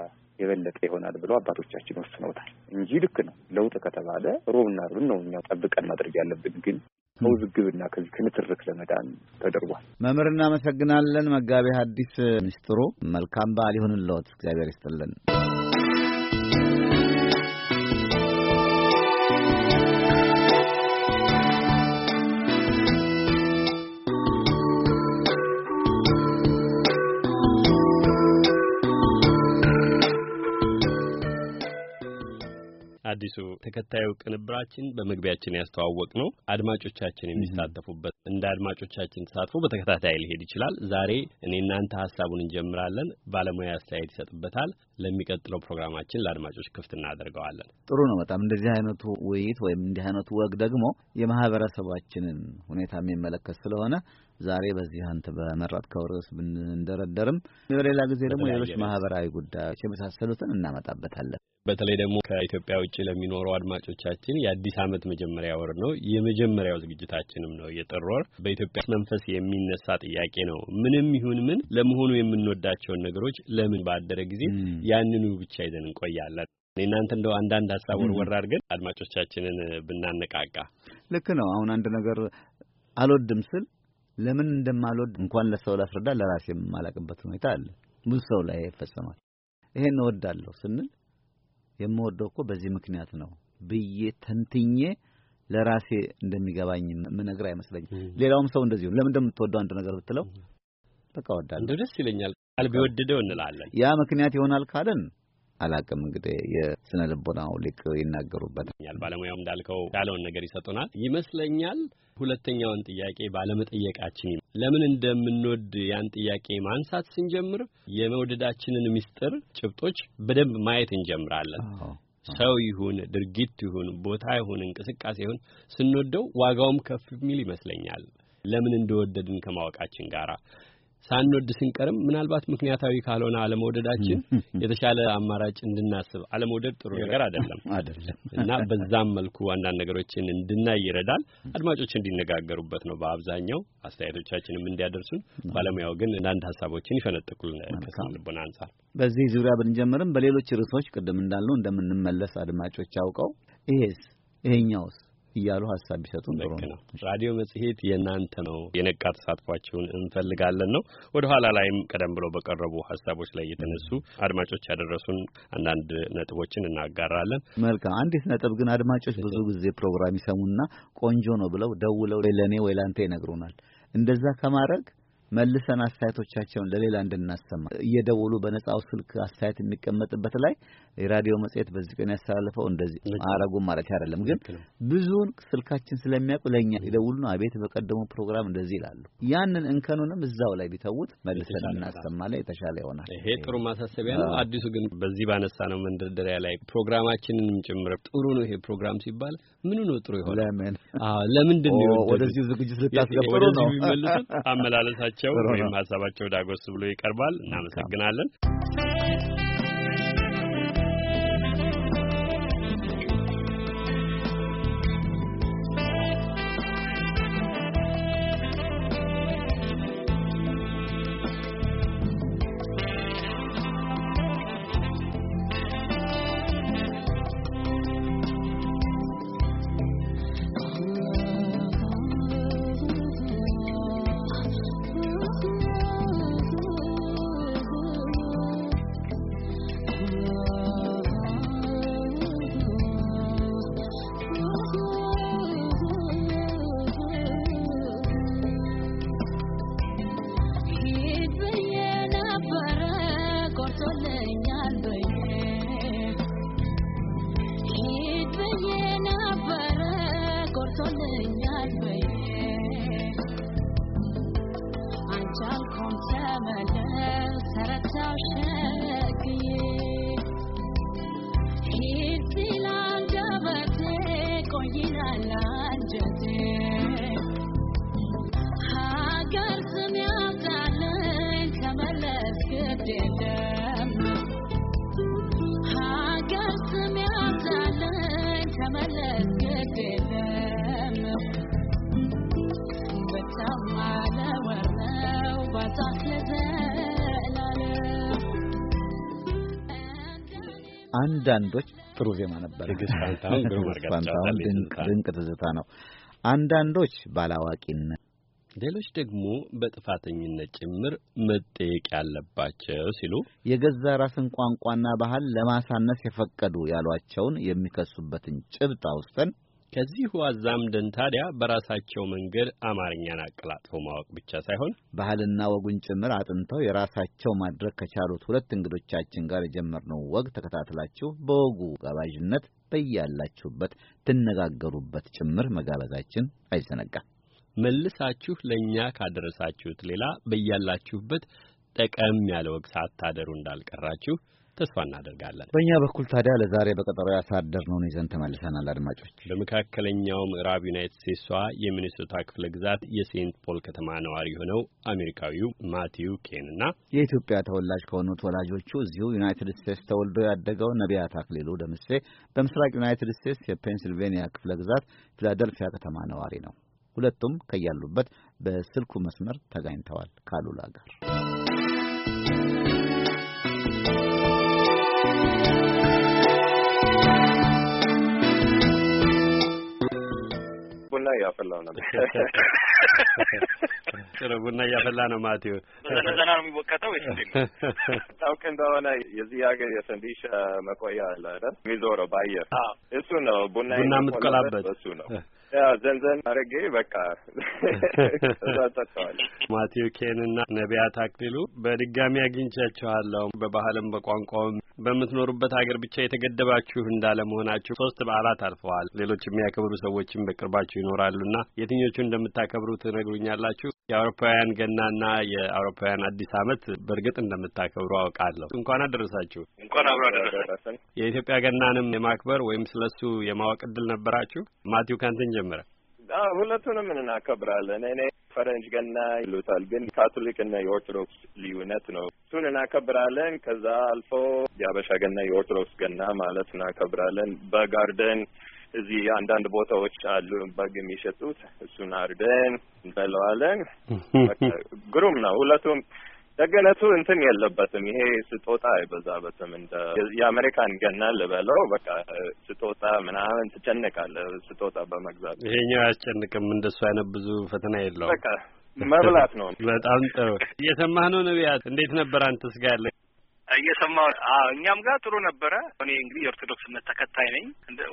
የበለጠ ይሆናል ብለው አባቶቻችን ወስነውታል እንጂ ልክ ነው። ለውጥ ከተባለ ሮብና አርብን ነው እኛው ጠብቀን ማድረግ ያለብን ግን ከውዝግብና ከዚህ ክንትርክ ለመዳን ተደርጓል። መምህር እናመሰግናለን። መጋቤ ሐዲስ ምስጢሩ መልካም በዓል ይሁንልዎት። እግዚአብሔር ይስጥልን። አዲሱ ተከታዩ ቅንብራችን በመግቢያችን ያስተዋወቅ ነው አድማጮቻችን የሚሳተፉበት እንደ አድማጮቻችን ተሳትፎ በተከታታይ ሊሄድ ይችላል። ዛሬ እኔ እናንተ ሀሳቡን እንጀምራለን፣ ባለሙያ አስተያየት ይሰጥበታል። ለሚቀጥለው ፕሮግራማችን ለአድማጮች ክፍት እናደርገዋለን። ጥሩ ነው። በጣም እንደዚህ አይነቱ ውይይት ወይም እንዲህ አይነቱ ወግ ደግሞ የማህበረሰባችንን ሁኔታ የሚመለከት ስለሆነ ዛሬ በዚህ አንተ በመረጥከው ርዕስ ብንደረደርም በሌላ ጊዜ ደግሞ ሌሎች ማህበራዊ ጉዳዮች የመሳሰሉትን እናመጣበታለን። በተለይ ደግሞ ከኢትዮጵያ ውጭ ለሚኖሩ አድማጮቻችን የአዲስ ዓመት መጀመሪያ ወር ነው፣ የመጀመሪያው ዝግጅታችንም ነው። የጥር ወር በኢትዮጵያ መንፈስ የሚነሳ ጥያቄ ነው። ምንም ይሁን ምን ለመሆኑ የምንወዳቸውን ነገሮች ለምን ባደረ ጊዜ ያንኑ ብቻ ይዘን እንቆያለን። እናንተ እንደው አንዳንድ ሀሳብ ወርወር አድርገን አድማጮቻችንን ብናነቃቃ ልክ ነው። አሁን አንድ ነገር አልወድም ስል ለምን እንደማልወድ እንኳን ለሰው ላስረዳ ለራሴ የማላቅበት ሁኔታ አለ። ብዙ ሰው ላይ ይፈጸማል። ይሄን እወዳለሁ ስንል የምወደው እኮ በዚህ ምክንያት ነው ብዬ ተንትኜ ለራሴ እንደሚገባኝ ምነግር አይመስለኝም። ሌላውም ሰው እንደዚሁ ለምን እንደምትወደው አንድ ነገር ብትለው በቃ እወዳለሁ፣ ደስ ይለኛል፣ ቃል ቢወደደው እንላለን። ያ ምክንያት ይሆናል ካለን አላቅም እንግዲህ የስነ ልቦናው ሊቅ ይናገሩበታል። ባለሙያው እንዳልከው ያለውን ነገር ይሰጡናል ይመስለኛል። ሁለተኛውን ጥያቄ ባለመጠየቃችን ለምን እንደምንወድ ያን ጥያቄ ማንሳት ስንጀምር የመውደዳችንን ምስጢር ጭብጦች በደንብ ማየት እንጀምራለን። ሰው ይሁን ድርጊት ይሁን ቦታ ይሁን እንቅስቃሴ ይሁን ስንወደው ዋጋውም ከፍ የሚል ይመስለኛል ለምን እንደወደድን ከማወቃችን ጋራ ሳንወድ ስንቀርም ምናልባት ምክንያታዊ ካልሆነ አለመውደዳችን የተሻለ አማራጭ እንድናስብ አለመውደድ ጥሩ ነገር አይደለም አይደለም እና በዛም መልኩ አንዳንድ ነገሮችን እንድናይ ይረዳል። አድማጮች እንዲነጋገሩበት ነው በአብዛኛው አስተያየቶቻችንም እንዲያደርሱን፣ ባለሙያው ግን አንዳንድ ሀሳቦችን ይፈነጥቁል ከስነልቦና አንጻር በዚህ ዙሪያ ብንጀምርም በሌሎች ርዕሶች ቅድም እንዳልነው እንደምንመለስ አድማጮች ያውቀው ይሄስ ይሄኛውስ እያሉ ሀሳብ ቢሰጡን ጥሩ ነው። ራዲዮ መጽሔት የእናንተ ነው። የነቃ ተሳትፏችሁን እንፈልጋለን ነው። ወደ ኋላ ላይም ቀደም ብሎ በቀረቡ ሀሳቦች ላይ የተነሱ አድማጮች ያደረሱን አንዳንድ ነጥቦችን እናጋራለን። መልካም። አንዲት ነጥብ ግን አድማጮች ብዙ ጊዜ ፕሮግራም ይሰሙና ቆንጆ ነው ብለው ደውለው ለእኔ ወይ ለአንተ ይነግሩናል። እንደዛ ከማድረግ መልሰን አስተያየቶቻቸውን ለሌላ እንድናሰማ እየደወሉ በነጻው ስልክ አስተያየት የሚቀመጥበት ላይ የራዲዮ መጽሔት በዚህ ቀን ያስተላልፈው እንደዚህ አረጉም ማለት አይደለም። ግን ብዙውን ስልካችን ስለሚያውቁ ለእኛ ይደውሉ ነው። አቤት በቀደሙ ፕሮግራም እንደዚህ ይላሉ። ያንን እንከኑንም እዛው ላይ ቢተውት መልሰን እናሰማ ላይ የተሻለ ይሆናል። ይሄ ጥሩ ማሳሰቢያ ነው። አዲሱ ግን በዚህ ባነሳ ነው መንደርደሪያ ላይ ፕሮግራማችንንም ጭምር ጥሩ ነው ይሄ ፕሮግራም ሲባል ምኑ ነው ጥሩ ይሆናል? ለምን ለምንድን ነው ወደዚሁ ዝግጅት ልታስገባ ነው አመላለሳ ናቸው ወይም ሀሳባቸው ዳጎስ ብሎ ይቀርባል። እናመሰግናለን። አንዳንዶች ጥሩ ዜማ ነበር። ፋንታሁን ድንቅ ትዝታ ነው። አንዳንዶች ባላዋቂነት፣ ሌሎች ደግሞ በጥፋተኝነት ጭምር መጠየቅ ያለባቸው ሲሉ የገዛ ራስን ቋንቋና ባህል ለማሳነስ የፈቀዱ ያሏቸውን የሚከሱበትን ጭብጥ አውስተን ከዚሁ አዛምደን ታዲያ በራሳቸው መንገድ አማርኛን አቀላጥፎ ማወቅ ብቻ ሳይሆን ባህልና ወጉን ጭምር አጥንተው የራሳቸው ማድረግ ከቻሉት ሁለት እንግዶቻችን ጋር የጀመርነው ወግ ተከታትላችሁ በወጉ ጋባዥነት በያላችሁበት ትነጋገሩበት ጭምር መጋበዛችን አይዘነጋም። መልሳችሁ ለእኛ ካደረሳችሁት ሌላ በያላችሁበት ጠቀም ያለ ወግ ሳታደሩ እንዳልቀራችሁ ተስፋ እናደርጋለን። በእኛ በኩል ታዲያ ለዛሬ በቀጠሮ ነውን ይዘን ተመልሰናል። አድማጮች፣ በመካከለኛው ምዕራብ ዩናይትድ ስቴትሷ የሚኒሶታ ክፍለ ግዛት የሴንት ፖል ከተማ ነዋሪ የሆነው አሜሪካዊው ማቲው ኬን እና የኢትዮጵያ ተወላጅ ከሆኑት ወላጆቹ እዚሁ ዩናይትድ ስቴትስ ተወልዶ ያደገው ነቢያት አክሊሉ ደምሴ በምስራቅ ዩናይትድ ስቴትስ የፔንስልቬንያ ክፍለ ግዛት ፊላደልፊያ ከተማ ነዋሪ ነው። ሁለቱም ከያሉበት በስልኩ መስመር ተጋኝተዋል ካሉላ ጋር ቡና እያፈላሁ ነው። ጥሩ ቡና እያፈላ ነው ማቴዎ። በዘነዘና ነው የሚወቀጠው ወይስ እንዴት ነው? ታውቅ እንደሆነ የዚህ ሀገር የፈንዲሻ መቆያ አለ አይደል? የሚዞረው በአየር እሱ ነው ቡና የምትቆላበት እሱ ነው ያ ዘንዘን አረጌ በቃ ዛጠተዋል። ማቴው ኬን እና ነቢያት አክሊሉ በድጋሚ አግኝቻችኋለሁ። በባህልም በቋንቋውም በምትኖሩበት ሀገር ብቻ የተገደባችሁ እንዳለ መሆናችሁ ሶስት በዓላት አልፈዋል። ሌሎች የሚያከብሩ ሰዎችም በቅርባችሁ ይኖራሉና የትኞቹ እንደምታከብሩ ትነግሩኛላችሁ? የአውሮፓውያን ገናና የአውሮፓውያን አዲስ ዓመት በእርግጥ እንደምታከብሩ አውቃለሁ። እንኳን አደረሳችሁ። እንኳን አብሮ አደረሰን። የኢትዮጵያ ገናንም የማክበር ወይም ስለ እሱ የማወቅ እድል ነበራችሁ? ማቲው ካንተን ጀምረ። ሁለቱንም እናከብራለን። እኔ ፈረንጅ ገና ይሉታል፣ ግን ካቶሊክ እና የኦርቶዶክስ ልዩነት ነው። እሱን እናከብራለን። ከዛ አልፎ የአበሻ ገና የኦርቶዶክስ ገና ማለት እናከብራለን። በጋርደን እዚህ አንዳንድ ቦታዎች አሉ በግ የሚሸጡት። እሱን አርደን እንበለዋለን። ግሩም ነው። ሁለቱም ደግነቱ እንትን የለበትም። ይሄ ስጦታ አይበዛበትም። እንደ የአሜሪካን ገና ልበለው በቃ ስጦታ ምናምን ትጨነቃለህ ስጦታ በመግዛት። ይሄኛው አያስጨንቅም። እንደሱ አይነት ብዙ ፈተና የለውም። በቃ መብላት ነው። በጣም ጥሩ። እየሰማህ ነው ነቢያት። እንዴት ነበር አንተ ስጋ ያለ እየሰማሁ እኛም ጋር ጥሩ ነበረ። እኔ እንግዲህ የኦርቶዶክስ እምነት ተከታይ ነኝ።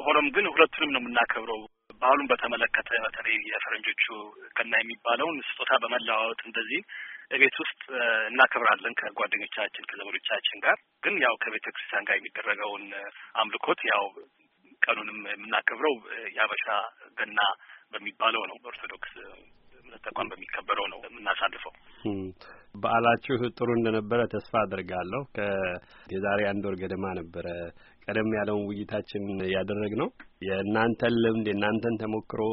ሆኖም ግን ሁለቱንም ነው የምናከብረው። ባህሉን በተመለከተ በተለይ የፈረንጆቹ ገና የሚባለውን ስጦታ በመለዋወጥ እንደዚህ ቤት ውስጥ እናከብራለን ከጓደኞቻችን ከዘመዶቻችን ጋር። ግን ያው ከቤተ ክርስቲያን ጋር የሚደረገውን አምልኮት ያው ቀኑንም የምናከብረው የአበሻ ገና በሚባለው ነው በኦርቶዶክስ እምነት ተቋም በሚከበረው ነው የምናሳልፈው። በዓላችሁ ጥሩ እንደነበረ ተስፋ አድርጋለሁ። ከየዛሬ አንድ ወር ገደማ ነበረ ቀደም ያለውን ውይይታችን ያደረግ ነው። የእናንተን ልምድ የእናንተን ተሞክሮ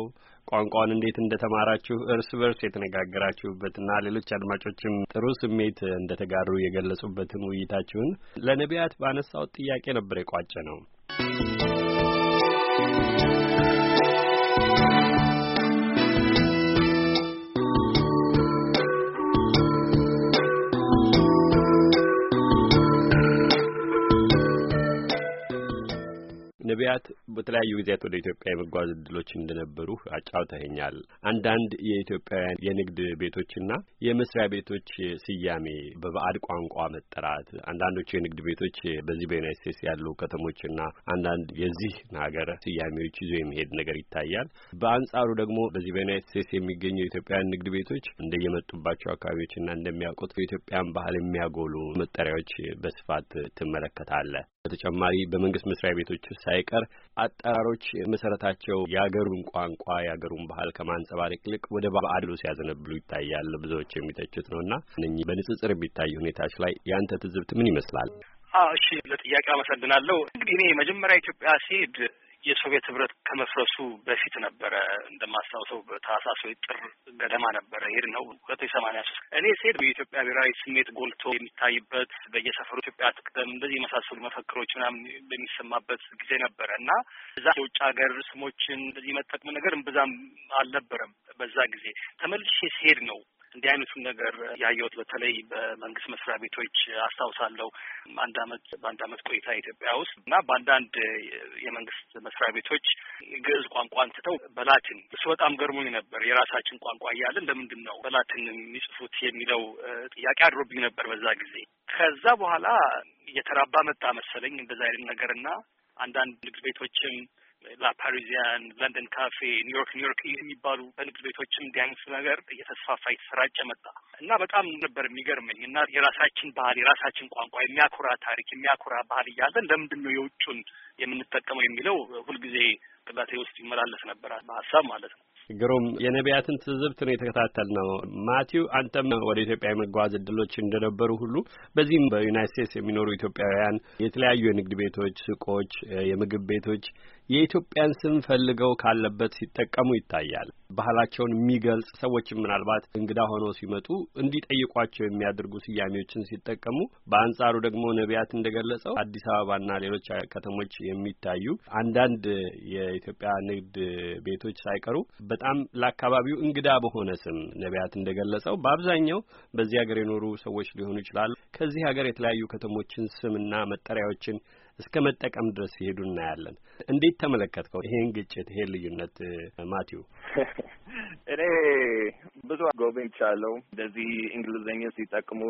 ቋንቋውን እንዴት እንደተማራችሁ እርስ በርስ የተነጋገራችሁበትና ሌሎች አድማጮችም ጥሩ ስሜት እንደተጋሩ የገለጹበትን ውይይታችሁን ለነቢያት ባነሳው ጥያቄ ነበር የቋጨ ነው። ነቢያት በተለያዩ ጊዜያት ወደ ኢትዮጵያ የመጓዝ እድሎች እንደነበሩ አጫውተኸኛል። አንዳንድ የኢትዮጵያውያን የንግድ ቤቶችና የመስሪያ ቤቶች ስያሜ በባዕድ ቋንቋ መጠራት፣ አንዳንዶቹ የንግድ ቤቶች በዚህ በዩናይት ስቴትስ ያሉ ከተሞችና አንዳንድ የዚህ ሀገር ስያሜዎች ይዞ የሚሄድ ነገር ይታያል። በአንጻሩ ደግሞ በዚህ በዩናይት ስቴትስ የሚገኙ የኢትዮጵያውያን ንግድ ቤቶች እንደየመጡባቸው አካባቢዎችና እንደሚያውቁት በኢትዮጵያን ባህል የሚያጎሉ መጠሪያዎች በስፋት ትመለከታለህ። በተጨማሪ በመንግስት መስሪያ ቤቶች ውስጥ ሳይቀር አጠራሮች መሰረታቸው የአገሩን ቋንቋ የአገሩን ባህል ከማንጸባረቅ ይልቅ ወደ ባዕሉ ሲያዘነብሉ ይታያል። ብዙዎች የሚተቹት ነው እና እነኚህ በንጽጽር የሚታይ ሁኔታዎች ላይ ያንተ ትዝብት ምን ይመስላል? እሺ፣ ለጥያቄ አመሰግናለሁ። እንግዲህ እኔ መጀመሪያ ኢትዮጵያ ሲሄድ የሶቪየት ህብረት ከመፍረሱ በፊት ነበረ እንደማስታውሰው በታህሳስ ወይ ጥር ገደማ ነበረ ሄድ ነው ሁለት ሰማንያ ሶስት እኔ ስሄድ በኢትዮጵያ ብሔራዊ ስሜት ጎልቶ የሚታይበት በየሰፈሩ ኢትዮጵያ ትቅደም እንደዚህ የመሳሰሉ መፈክሮች ምናምን በሚሰማበት ጊዜ ነበረ እና እዛ የውጭ ሀገር ስሞችን እንደዚህ መጠቅም ነገር እምብዛም አልነበረም በዛ ጊዜ ተመልሼ ስሄድ ነው እንዲህ አይነቱን ነገር ያየሁት በተለይ በመንግስት መስሪያ ቤቶች አስታውሳለሁ። አንድ አመት በአንድ አመት ቆይታ ኢትዮጵያ ውስጥ እና በአንዳንድ የመንግስት መስሪያ ቤቶች ግዕዝ ቋንቋን ትተው በላቲን እሱ በጣም ገርሞኝ ነበር። የራሳችን ቋንቋ እያለን ለምንድን ነው በላቲን የሚጽፉት የሚለው ጥያቄ አድሮብኝ ነበር በዛ ጊዜ። ከዛ በኋላ እየተራባ መጣ መሰለኝ እንደዛ አይነት ነገርና አንዳንድ ንግድ ቤቶችም ላፓሪዚያን፣ ለንደን ካፌ፣ ኒውዮርክ ኒውዮርክ የሚባሉ በንግድ ቤቶችም እንዲህ አይነት ነገር እየተስፋፋ እየተሰራጨ መጣ እና በጣም ነበር የሚገርመኝ እና የራሳችን ባህል የራሳችን ቋንቋ የሚያኩራ ታሪክ የሚያኩራ ባህል እያለን ለምንድን ነው የውጩን የምንጠቀመው የሚለው ሁልጊዜ ቅላቴ ውስጥ ይመላለስ ነበር በሀሳብ ማለት ነው። ግሩም የነቢያትን ትዝብት ነው የተከታተል ነው። ማቲው አንተም ወደ ኢትዮጵያ የመጓዝ እድሎች እንደነበሩ ሁሉ በዚህም በዩናይት ስቴትስ የሚኖሩ ኢትዮጵያውያን የተለያዩ የንግድ ቤቶች፣ ሱቆች፣ የምግብ ቤቶች የኢትዮጵያን ስም ፈልገው ካለበት ሲጠቀሙ ይታያል። ባህላቸውን የሚገልጽ ሰዎችም ምናልባት እንግዳ ሆነው ሲመጡ እንዲጠይቋቸው የሚያደርጉ ስያሜዎችን ሲጠቀሙ፣ በአንጻሩ ደግሞ ነቢያት እንደገለጸው አዲስ አበባና ሌሎች ከተሞች የሚታዩ አንዳንድ የኢትዮጵያ ንግድ ቤቶች ሳይቀሩ በጣም ለአካባቢው እንግዳ በሆነ ስም ነቢያት እንደገለጸው በአብዛኛው በዚህ ሀገር የኖሩ ሰዎች ሊሆኑ ይችላሉ። ከዚህ ሀገር የተለያዩ ከተሞችን ስምና መጠሪያዎችን እስከ መጠቀም ድረስ ሲሄዱ እናያለን። እንዴት ተመለከትከው ይሄን ግጭት ይሄን ልዩነት ማቲው? እኔ ብዙ ጎብኝቻለሁ። እንደዚህ እንግሊዝኛ ሲጠቅሙ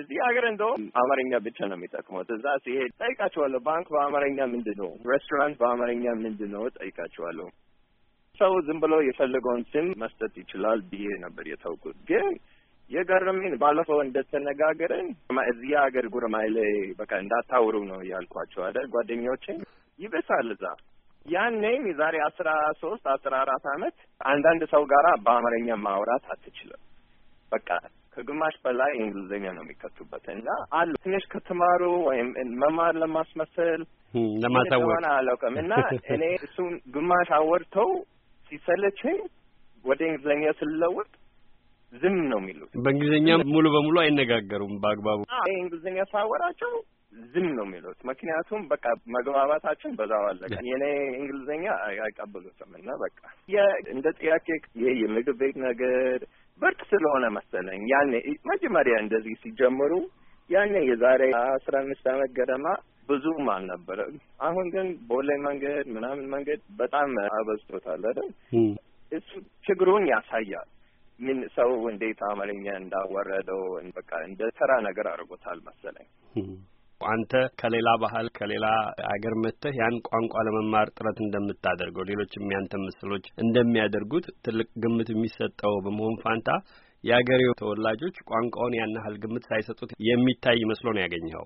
እዚህ ሀገር እንደውም አማርኛ ብቻ ነው የሚጠቅሙት። እዛ ሲሄድ ጠይቃቸዋለሁ፣ ባንክ በአማርኛ ምንድን ነው? ሬስቶራንት በአማርኛ ምንድን ነው? ጠይቃቸዋለሁ። ሰው ዝም ብሎ የፈለገውን ስም መስጠት ይችላል ብዬ ነበር የታውቁት ግን የገረመኝ ባለፈው እንደተነጋገረን እዚህ ሀገር ጉረማይ በቃ እንዳታውሩ ነው እያልኳቸው አይደል ጓደኞቼን ይብሳል እዛ ያኔም የዛሬ አስራ ሶስት አስራ አራት አመት አንዳንድ ሰው ጋራ በአማርኛ ማውራት አትችልም። በቃ ከግማሽ በላይ እንግሊዝኛ ነው የሚከቱበት እና አሉ ትንሽ ከተማሩ ወይም መማር ለማስመሰል ለማሳወቅ አላውቅም እና እኔ እሱን ግማሽ አወርተው ሲሰለችኝ ወደ እንግሊዝኛ ስለለውጥ ዝም ነው የሚሉት። በእንግሊዝኛ ሙሉ በሙሉ አይነጋገሩም በአግባቡ። እንግሊዝኛ ሳወራቸው ዝም ነው የሚሉት። ምክንያቱም በቃ መግባባታችን በዛው አለቀ። የኔ እንግሊዝኛ አይቀበሉትም እና በቃ እንደ ጥያቄ ይሄ የምግብ ቤት ነገር ብርቅ ስለሆነ መሰለኝ ያኔ መጀመሪያ እንደዚህ ሲጀምሩ ያኔ የዛሬ አስራ አምስት አመት ገደማ ብዙም አልነበረም። አሁን ግን ቦሌ መንገድ ምናምን መንገድ በጣም አበዝቶታል አይደል? እሱ ችግሩን ያሳያል። ምን ሰው እንዴት አማርኛ እንዳወረደው በቃ እንደ ተራ ነገር አድርጎታል መሰለኝ። አንተ ከሌላ ባህል ከሌላ አገር መጥተህ ያን ቋንቋ ለመማር ጥረት እንደምታደርገው ሌሎችም ያንተ ምስሎች እንደሚያደርጉት ትልቅ ግምት የሚሰጠው በመሆን ፋንታ የአገሬው ተወላጆች ቋንቋውን ያን ያህል ግምት ሳይሰጡት የሚታይ መስሎ ነው ያገኘኸው?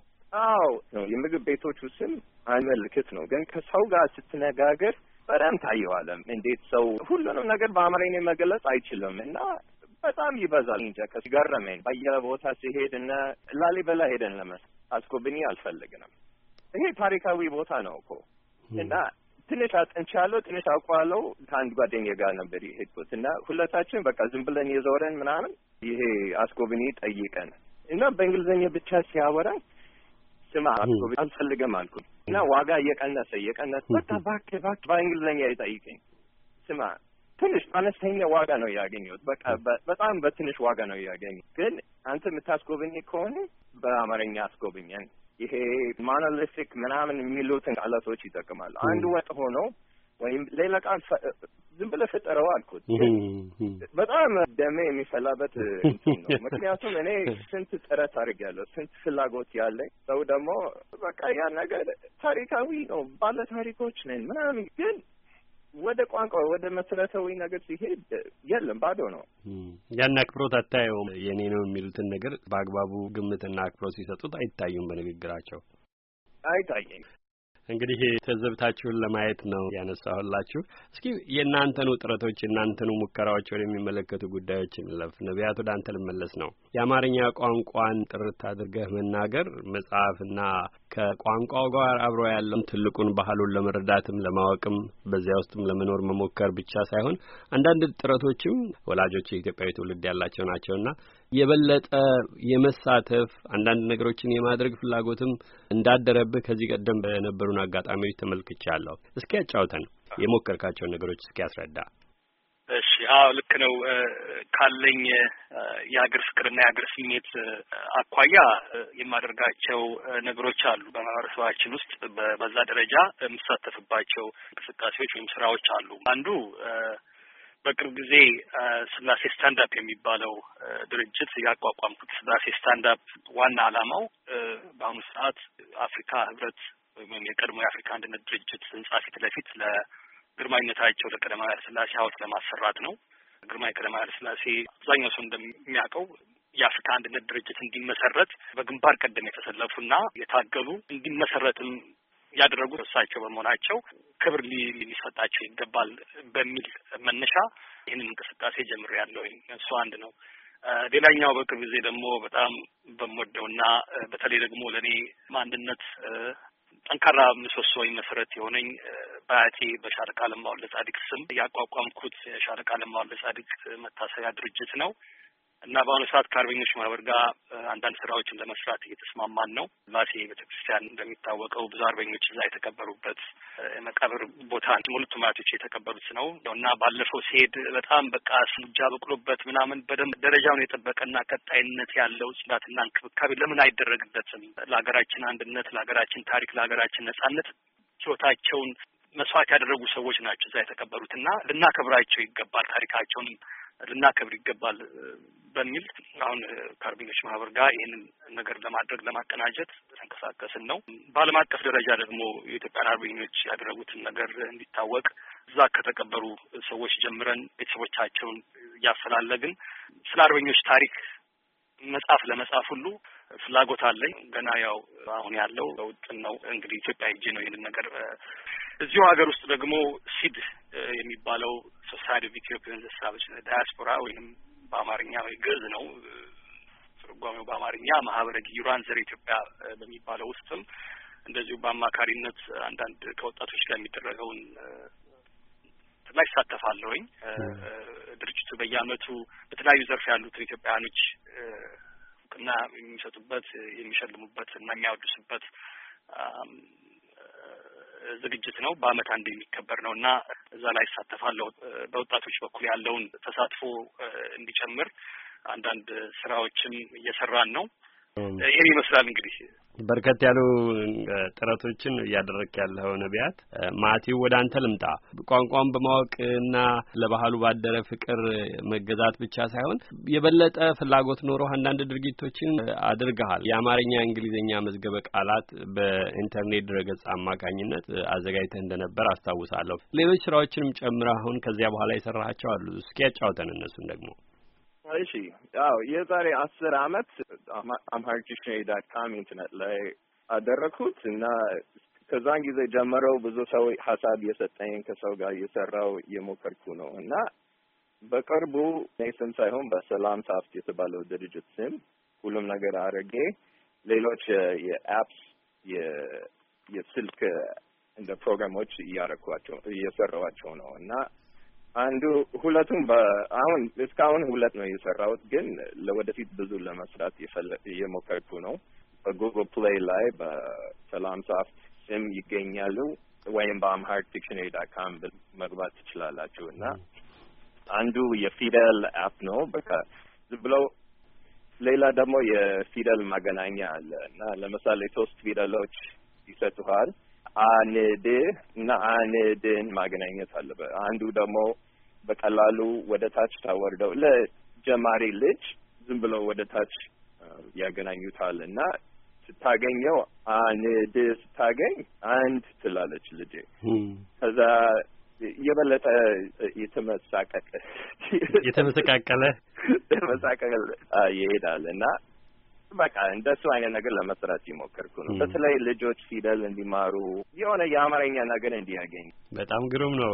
አዎ የምግብ ቤቶቹ ስም አይመልክት ነው፣ ግን ከሰው ጋር ስትነጋገር በደንብ ታየዋለም። እንዴት ሰው ሁሉንም ነገር በአማርኛ መገለጽ አይችልም እና በጣም ይበዛል። እንጃ ገረመኝ። በየቦታ ሲሄድ እና ላሊበላ ሄደን ለመስ አስጎብኝ አልፈልግንም። ይሄ ታሪካዊ ቦታ ነው እኮ እና ትንሽ አጥንቻለሁ፣ ትንሽ አውቋለሁ። ከአንድ ጓደኛዬ ጋር ነበር የሄድኩት እና ሁለታችን በቃ ዝም ብለን የዞረን ምናምን ይሄ አስጎብኚ ጠይቀን እና በእንግሊዝኛ ብቻ ሲያወራ ስማ አልፈልግም አልኩት። እና ዋጋ እየቀነሰ እየቀነሰ በቃ እባክህ እባክህ በእንግሊዝኛ ይጠይቀኝ ስማ ትንሽ አነስተኛ ዋጋ ነው ያገኘሁት። በቃ በጣም በትንሽ ዋጋ ነው ያገኘ። ግን አንተ የምታስጎብኝ ከሆነ በአማርኛ አስጎብኘን። ይሄ ሞኖሊቲክ ምናምን የሚሉትን ቃላቶች ይጠቅማሉ። አንድ ወጥ ሆኖ ወይም ሌላ ቃል ዝም ብለህ ፍጠረው አልኩት። በጣም ደሜ የሚፈላበት ነው። ምክንያቱም እኔ ስንት ጥረት አድርጌያለሁ፣ ስንት ፍላጎት ያለኝ ሰው ደግሞ በቃ ያ ነገር ታሪካዊ ነው፣ ባለ ታሪኮች ነን ምናምን ግን ወደ ቋንቋ ወደ መሰረታዊ ነገር ሲሄድ የለም ባዶ ነው። ያን አክብሮት አታየውም። የእኔ ነው የሚሉትን ነገር በአግባቡ ግምትና አክብሮት ሲሰጡት አይታዩም። በንግግራቸው አይታየኝ እንግዲህ ትዝብታችሁን ለማየት ነው ያነሳሁላችሁ። እስኪ የእናንተኑ ጥረቶች የእናንተኑ ሙከራዎች ወደሚመለከቱ ጉዳዮች እንለፍ። ነቢያት፣ ወደ አንተ ልመለስ ነው። የአማርኛ ቋንቋን ጥርት አድርገህ መናገር መጽሐፍና ከቋንቋው ጋር አብሮ ያለም ትልቁን ባህሉን ለመረዳትም ለማወቅም በዚያ ውስጥም ለመኖር መሞከር ብቻ ሳይሆን አንዳንድ ጥረቶችም ወላጆች የኢትዮጵያዊ ትውልድ ያላቸው ናቸውና የበለጠ የመሳተፍ አንዳንድ ነገሮችን የማድረግ ፍላጎትም እንዳደረብህ ከዚህ ቀደም በነበሩን አጋጣሚዎች ተመልክቻለሁ። እስኪ ያጫውተን የሞከርካቸውን ነገሮች እስኪ ያስረዳ። አዎ ልክ ነው። ካለኝ የሀገር ፍቅርና የሀገር ስሜት አኳያ የማደርጋቸው ነገሮች አሉ። በማህበረሰባችን ውስጥ በዛ ደረጃ የምሳተፍባቸው እንቅስቃሴዎች ወይም ስራዎች አሉ። አንዱ በቅርብ ጊዜ ስላሴ ስታንዳፕ የሚባለው ድርጅት ያቋቋምኩት። ስላሴ ስታንዳፕ ዋና ዓላማው በአሁኑ ሰዓት አፍሪካ ህብረት ወይም የቀድሞ የአፍሪካ አንድነት ድርጅት ህንጻ ፊት ለፊት ግርማዊነታቸው ለቀዳማዊ ኃይለ ሥላሴ ሐውልት ለማሰራት ነው። ግርማዊ ቀዳማዊ ኃይለ ሥላሴ አብዛኛው ሰው እንደሚያውቀው የአፍሪካ አንድነት ድርጅት እንዲመሰረት በግንባር ቀደም የተሰለፉና የታገሉ እንዲመሰረትም ያደረጉ እሳቸው በመሆናቸው ክብር ሊሰጣቸው ይገባል በሚል መነሻ ይህንን እንቅስቃሴ ያለው እሱ አንድ ነው። ሌላኛው በቅርብ ጊዜ ደግሞ በጣም በምወደውና በተለይ ደግሞ ለእኔ አንድነት ጠንካራ ምሰሶ መሰረት የሆነኝ በአያቴ በሻለቃ ለማ ጻድቅ ስም ያቋቋምኩት የሻለቃ ለማ ጻድቅ መታሰቢያ ድርጅት ነው። እና በአሁኑ ሰዓት ከአርበኞች ማህበር ጋር አንዳንድ ስራዎችን ለመስራት እየተስማማን ነው። ማሴ ቤተክርስቲያን እንደሚታወቀው ብዙ አርበኞች እዛ የተቀበሩበት መቃብር ቦታ ሙሉ ቱማቶች የተቀበሩት ነው እና ባለፈው ሲሄድ በጣም በቃ ስጃ በቅሎበት ምናምን በደንብ ደረጃውን የጠበቀና ቀጣይነት ያለው ጽዳትና እንክብካቤ ለምን አይደረግበትም? ለሀገራችን አንድነት፣ ለሀገራችን ታሪክ፣ ለሀገራችን ነጻነት ችሎታቸውን መስዋዕት ያደረጉ ሰዎች ናቸው እዛ የተቀበሩት እና ልናከብራቸው ይገባል ታሪካቸውን ልናከብር ይገባል በሚል አሁን ከአርበኞች ማህበር ጋር ይህንን ነገር ለማድረግ ለማቀናጀት ተንቀሳቀስን ነው። በዓለም አቀፍ ደረጃ ደግሞ የኢትዮጵያን አርበኞች ያደረጉትን ነገር እንዲታወቅ እዛ ከተቀበሩ ሰዎች ጀምረን ቤተሰቦቻቸውን እያፈላለግን ስለ አርበኞች ታሪክ መጽሐፍ ለመጻፍ ሁሉ ፍላጎት አለኝ። ገና ያው አሁን ያለው በውጥን ነው። እንግዲህ ኢትዮጵያ ሄጄ ነው ይህንን ነገር እዚሁ ሀገር ውስጥ ደግሞ ሲድ የሚባለው ሶሳይቲ ኦፍ ኢትዮጵያን ዘሳበች ዳያስፖራ ወይም በአማርኛ ወይ ግዕዝ ነው ትርጓሜው በአማርኛ ማህበረ ጊዩራን ዘር ኢትዮጵያ በሚባለው ውስጥም እንደዚሁ በአማካሪነት አንዳንድ ከወጣቶች ጋር የሚደረገውን ላይ ይሳተፋለሁኝ። ድርጅቱ በየአመቱ በተለያዩ ዘርፍ ያሉትን ኢትዮጵያውያኖች እውቅና የሚሰጡበት፣ የሚሸልሙበት እና የሚያወድሱበት ዝግጅት ነው። በአመት አንድ የሚከበር ነው እና እዛ ላይ ይሳተፋለሁ። በወጣቶች በኩል ያለውን ተሳትፎ እንዲጨምር አንዳንድ ስራዎችም እየሰራን ነው። ይህን ይመስላል እንግዲህ በርከት ያሉ ጥረቶችን እያደረግክ ያለኸው ነቢያት ማቲው፣ ወደ አንተ ልምጣ። ቋንቋን በማወቅና ለባህሉ ባደረ ፍቅር መገዛት ብቻ ሳይሆን የበለጠ ፍላጎት ኖሮ አንዳንድ ድርጊቶችን አድርገሃል። የአማርኛ እንግሊዝኛ መዝገበ ቃላት በኢንተርኔት ድረገጽ አማካኝነት አዘጋጅተህ እንደነበር አስታውሳለሁ። ሌሎች ስራዎችንም ጨምረ አሁን ከዚያ በኋላ የሰራሃቸው አሉ። እስኪ ያጫውተን እነሱን ደግሞ እሺ አዎ የዛሬ አስር አመት አምሃሪክ ዲክሽነሪ ዳት ካም ኢንተርኔት ላይ አደረግኩት እና ከዛን ጊዜ ጀምረው ብዙ ሰው ሀሳብ እየሰጠኝ ከሰው ጋር እየሰራው እየሞከርኩ ነው እና በቅርቡ እኔ ሳይሆን በሰላም ሳፍት የተባለው ድርጅት ስም ሁሉም ነገር አድርጌ ሌሎች የአፕስ የስልክ እንደ ፕሮግራሞች እያረኳቸው እየሰራዋቸው ነው እና አንዱ ሁለቱም አሁን እስካሁን ሁለት ነው የሰራሁት፣ ግን ለወደፊት ብዙ ለመስራት እየሞከርኩ ነው። በጉግል ፕሌይ ላይ በሰላም ሳፍት ስም ይገኛሉ ወይም በአምሃሪክ ዲክሽነሪ ዳት ካም መግባት ትችላላችሁ። እና አንዱ የፊደል አፕ ነው በቃ ዝም ብለው ሌላ ደግሞ የፊደል ማገናኛ አለ እና ለምሳሌ ሶስት ፊደሎች ይሰጡሃል አኔዴ እና አኔዴን ማገናኘት አለበ። አንዱ ደግሞ በቀላሉ ወደ ታች ታወርደው ለጀማሪ ልጅ ዝም ብሎ ወደ ታች ያገናኙታል እና ስታገኘው አኔዴ ስታገኝ አንድ ትላለች ልጄ። ከዛ የበለጠ የተመሳቀቀ የተመሰቃቀለ የተመሳቀለ ይሄዳል እና በቃ እንደሱ አይነት ነገር ለመስራት ይሞከርኩ ነው። በተለይ ልጆች ፊደል እንዲማሩ የሆነ የአማርኛ ነገር እንዲያገኝ። በጣም ግሩም ነው።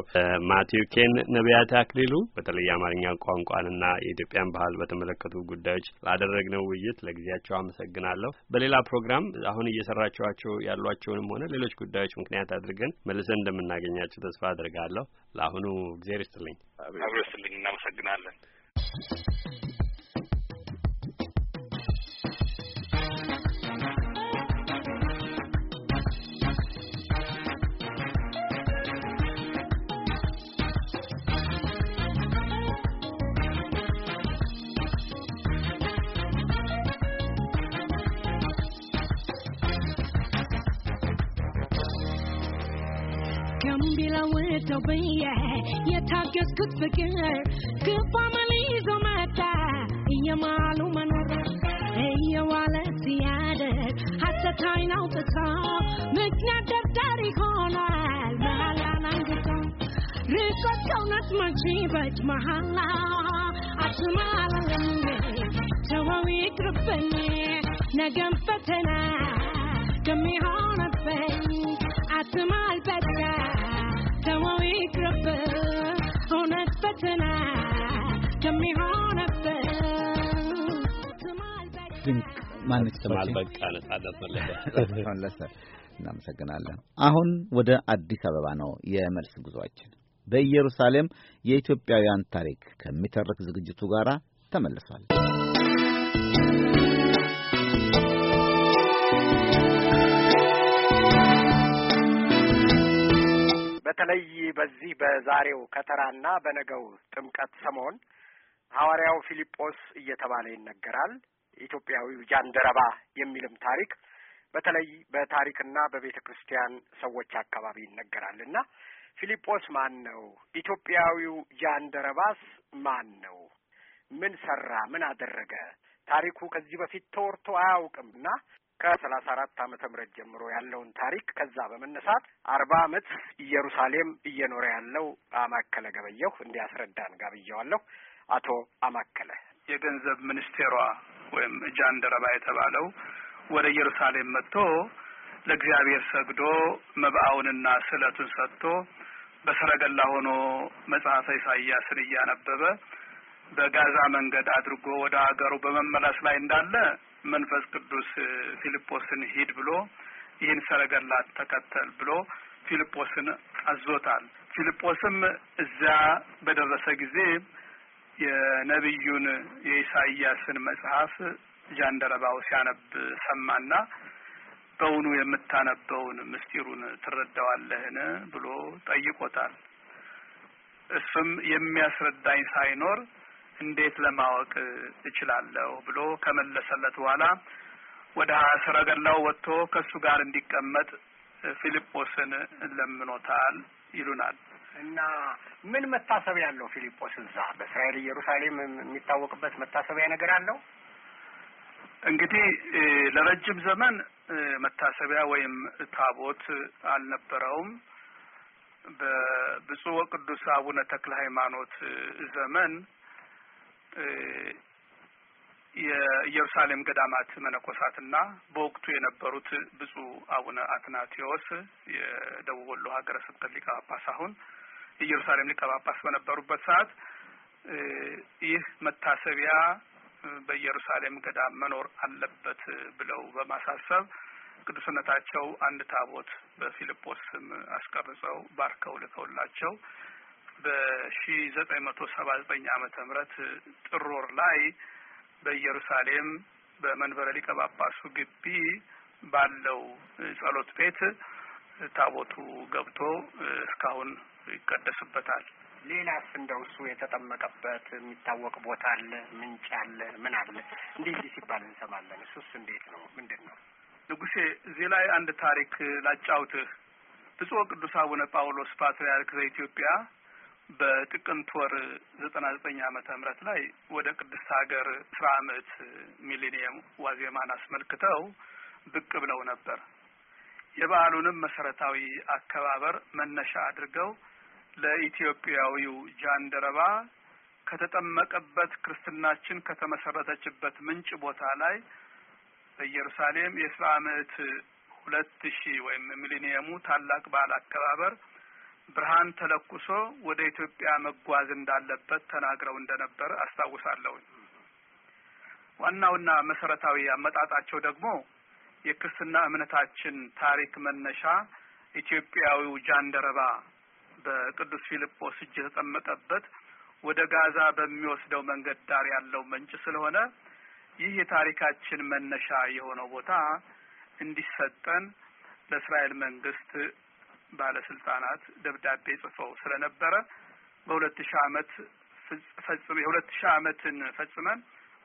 ማቴው ኬን፣ ነቢያት አክሊሉ በተለይ የአማርኛ ቋንቋንና የኢትዮጵያን ባህል በተመለከቱ ጉዳዮች ላደረግነው ውይይት ለጊዜያቸው አመሰግናለሁ። በሌላ ፕሮግራም አሁን እየሰራችኋቸው ያሏቸውንም ሆነ ሌሎች ጉዳዮች ምክንያት አድርገን መልሰን እንደምናገኛቸው ተስፋ አድርጋለሁ። ለአሁኑ እግዜር ይስጥልኝ። አብሮ ይስጥልኝ። እናመሰግናለን። ጋምቤላ ወደው በየ የታገዝኩት ፍቅር ግባ መሊዞ መጣ እየማሉ መኖር እየዋለ ሲያደር ሀሰት አይን አውጥቶ ምክንያት ደርዳሪ ሆኗል መሃላን አንግቶ ርቆት ከእውነት መቼ በጅ መሃላ አትማለም ተወው ይቅርብን ነገም ፈተና ከሚሆንብኝ አትማልበት ድንቅ እናመሰግናለን። አሁን ወደ አዲስ አበባ ነው የመልስ ጉዟችን። በኢየሩሳሌም የኢትዮጵያውያን ታሪክ ከሚተርክ ዝግጅቱ ጋር ተመልሷል። በተለይ በዚህ በዛሬው ከተራና በነገው ጥምቀት ሰሞን ሐዋርያው ፊልጶስ እየተባለ ይነገራል። ኢትዮጵያዊው ጃንደረባ የሚልም ታሪክ በተለይ በታሪክና በቤተ ክርስቲያን ሰዎች አካባቢ ይነገራል እና ፊልጶስ ማን ነው? ኢትዮጵያዊው ጃንደረባስ ማን ነው? ምን ሰራ? ምን አደረገ? ታሪኩ ከዚህ በፊት ተወርቶ አያውቅም እና ከሰላሳ አራት ዓመተ ምህረት ጀምሮ ያለውን ታሪክ ከዛ በመነሳት አርባ ዓመት ኢየሩሳሌም እየኖረ ያለው አማከለ ገበየሁ እንዲያስረዳን ጋብዣዋለሁ። አቶ አማከለ የገንዘብ ሚኒስቴሯ ወይም ጃንደረባ የተባለው ወደ ኢየሩሳሌም መጥቶ ለእግዚአብሔር ሰግዶ መብአውንና ስዕለቱን ሰጥቶ በሰረገላ ሆኖ መጽሐፈ ኢሳይያስን እያነበበ በጋዛ መንገድ አድርጎ ወደ ሀገሩ በመመለስ ላይ እንዳለ መንፈስ ቅዱስ ፊልጶስን ሂድ ብሎ ይህን ሰረገላ ተከተል ብሎ ፊልጶስን አዞታል። ፊልጶስም እዚያ በደረሰ ጊዜ የነቢዩን የኢሳይያስን መጽሐፍ ጃንደረባው ሲያነብ ሰማና በውኑ የምታነበውን ምስጢሩን ትረዳዋለህን ብሎ ጠይቆታል። እሱም የሚያስረዳኝ ሳይኖር እንዴት ለማወቅ እችላለሁ ብሎ ከመለሰለት በኋላ ወደ ሰረገላው ወጥቶ ከእሱ ጋር እንዲቀመጥ ፊልጶስን ለምኖታል ይሉናል። እና ምን መታሰቢያ አለው ፊልጶስ? እዛ በእስራኤል ኢየሩሳሌም የሚታወቅበት መታሰቢያ ነገር አለው። እንግዲህ ለረጅም ዘመን መታሰቢያ ወይም ታቦት አልነበረውም። በብፁዕ ወቅዱስ አቡነ ተክለ ሃይማኖት ዘመን የኢየሩሳሌም ገዳማት መነኮሳትና በወቅቱ የነበሩት ብፁዕ አቡነ አትናቴዎስ የደቡብ ወሎ ሀገረ ስብከት ሊቀ ጳጳስ አሁን ኢየሩሳሌም ሊቀ ጳጳስ በነበሩበት ሰዓት ይህ መታሰቢያ በኢየሩሳሌም ገዳም መኖር አለበት ብለው በማሳሰብ ቅዱስነታቸው አንድ ታቦት በፊልጶስ ስም አስቀርጸው ባርከው ልከውላቸው በሺ ዘጠኝ መቶ ሰባ ዘጠኝ አመተ ምህረት ጥር ወር ላይ በኢየሩሳሌም በመንበረ ሊቀ ጳጳሱ ግቢ ባለው ጸሎት ቤት ታቦቱ ገብቶ እስካሁን ይቀደስበታል። ሌላስ እንደው እሱ የተጠመቀበት የሚታወቅ ቦታ አለ፣ ምንጭ አለ፣ ምን አለ እንዴት ሲባል እንሰማለን። እሱስ እንዴት ነው? ምንድን ነው? ንጉሴ እዚህ ላይ አንድ ታሪክ ላጫውትህ። ብፁዕ ቅዱስ አቡነ ጳውሎስ ፓትርያርክ ዘኢትዮጵያ በጥቅምት ወር ዘጠና ዘጠኝ ዓመተ ምህረት ላይ ወደ ቅድስት ሀገር ስራ አመት ሚሊኒየም ዋዜማን አስመልክተው ብቅ ብለው ነበር። የበዓሉንም መሰረታዊ አከባበር መነሻ አድርገው ለኢትዮጵያዊው ጃንደረባ ከተጠመቀበት ክርስትናችን ከተመሰረተችበት ምንጭ ቦታ ላይ በኢየሩሳሌም የስራ አመት ሁለት ሺህ ወይም ሚሊኒየሙ ታላቅ በዓል አከባበር ብርሃን ተለኩሶ ወደ ኢትዮጵያ መጓዝ እንዳለበት ተናግረው እንደነበር አስታውሳለሁ። ዋናውና መሰረታዊ አመጣጣቸው ደግሞ የክርስትና እምነታችን ታሪክ መነሻ ኢትዮጵያዊው ጃንደረባ በቅዱስ ፊልጶስ እጅ የተጠመቀበት ወደ ጋዛ በሚወስደው መንገድ ዳር ያለው ምንጭ ስለሆነ ይህ የታሪካችን መነሻ የሆነው ቦታ እንዲሰጠን ለእስራኤል መንግስት ባለስልጣናት ደብዳቤ ጽፈው ስለነበረ በሁለት ሺህ አመት ፈጽመን የሁለት ሺህ አመትን ፈጽመን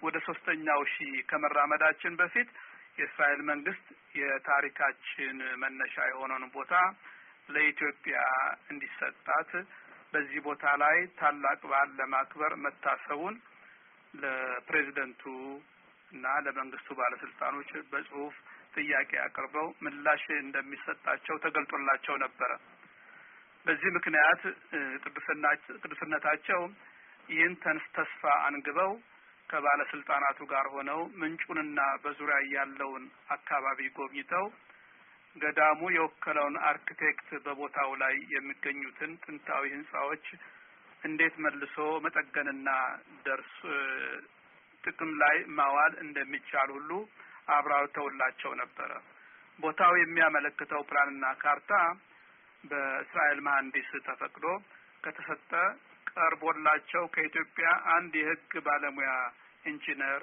ወደ ሶስተኛው ሺህ ከመራመዳችን በፊት የእስራኤል መንግስት የታሪካችን መነሻ የሆነውን ቦታ ለኢትዮጵያ እንዲሰጣት በዚህ ቦታ ላይ ታላቅ በዓል ለማክበር መታሰቡን ለፕሬዚደንቱ እና ለመንግስቱ ባለስልጣኖች በጽሁፍ ጥያቄ አቅርበው ምላሽ እንደሚሰጣቸው ተገልጦላቸው ነበረ። በዚህ ምክንያት ቅዱስነታቸው ይህን ተንስ ተስፋ አንግበው ከባለስልጣናቱ ጋር ሆነው ምንጩንና በዙሪያ ያለውን አካባቢ ጎብኝተው ገዳሙ የወከለውን አርክቴክት በቦታው ላይ የሚገኙትን ጥንታዊ ህንጻዎች እንዴት መልሶ መጠገንና ደርስ ጥቅም ላይ ማዋል እንደሚቻል ሁሉ አብራርተውላቸው ነበረ። ቦታው የሚያመለክተው ፕላንና ካርታ በእስራኤል መሐንዲስ ተፈቅዶ ከተሰጠ ቀርቦላቸው ከኢትዮጵያ አንድ የህግ ባለሙያ ኢንጂነር፣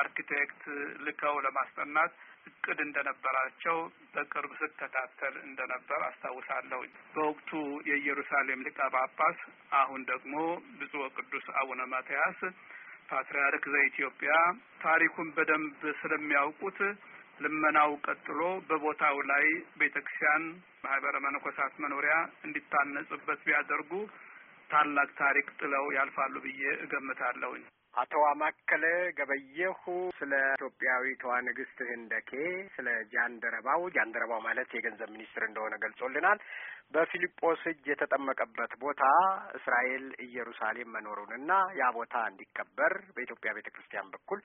አርኪቴክት ልከው ለማስጠናት እቅድ እንደነበራቸው በቅርብ ስከታተል እንደነበር አስታውሳለሁ። በወቅቱ የኢየሩሳሌም ሊቀ ጳጳስ አሁን ደግሞ ብፁዕ ቅዱስ አቡነ ማትያስ ፓትርያርክ ዘኢትዮጵያ ታሪኩን በደንብ ስለሚያውቁት ልመናው ቀጥሎ በቦታው ላይ ቤተ ክርስቲያን ማህበረ መነኮሳት መኖሪያ እንዲታነጽበት ቢያደርጉ ታላቅ ታሪክ ጥለው ያልፋሉ ብዬ እገምታለሁኝ። አቶ አማከለ ገበየሁ ስለ ኢትዮጵያዊቷ ንግስት ህንደኬ ስለ ጃንደረባው ጃንደረባው ማለት የገንዘብ ሚኒስትር እንደሆነ ገልጾልናል። በፊልጶስ እጅ የተጠመቀበት ቦታ እስራኤል ኢየሩሳሌም መኖሩንና ያ ቦታ እንዲከበር በኢትዮጵያ ቤተ ክርስቲያን በኩል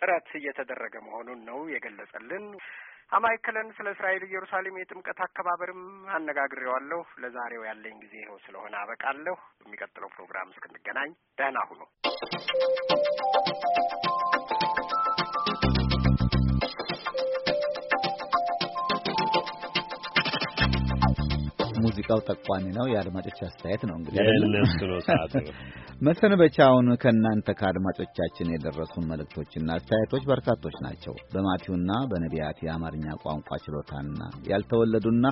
ጥረት እየተደረገ መሆኑን ነው የገለጸልን። አማይክለን ስለ እስራኤል ኢየሩሳሌም የጥምቀት አከባበርም አነጋግሬዋለሁ። ለዛሬው ያለኝ ጊዜ ይኸው ስለሆነ አበቃለሁ። የሚቀጥለው ፕሮግራም እስክንገናኝ ደህና ሁኑ። ሙዚቃው ጠቋሚ ነው። የአድማጮች አስተያየት ነው እንግዲህ እነሱ ነው ሰዓቱ። መሰንበቻውን ከእናንተ ከአድማጮቻችን የደረሱን መልእክቶችና አስተያየቶች በርካቶች ናቸው። በማቲውና በነቢያት የአማርኛ ቋንቋ ችሎታና ያልተወለዱና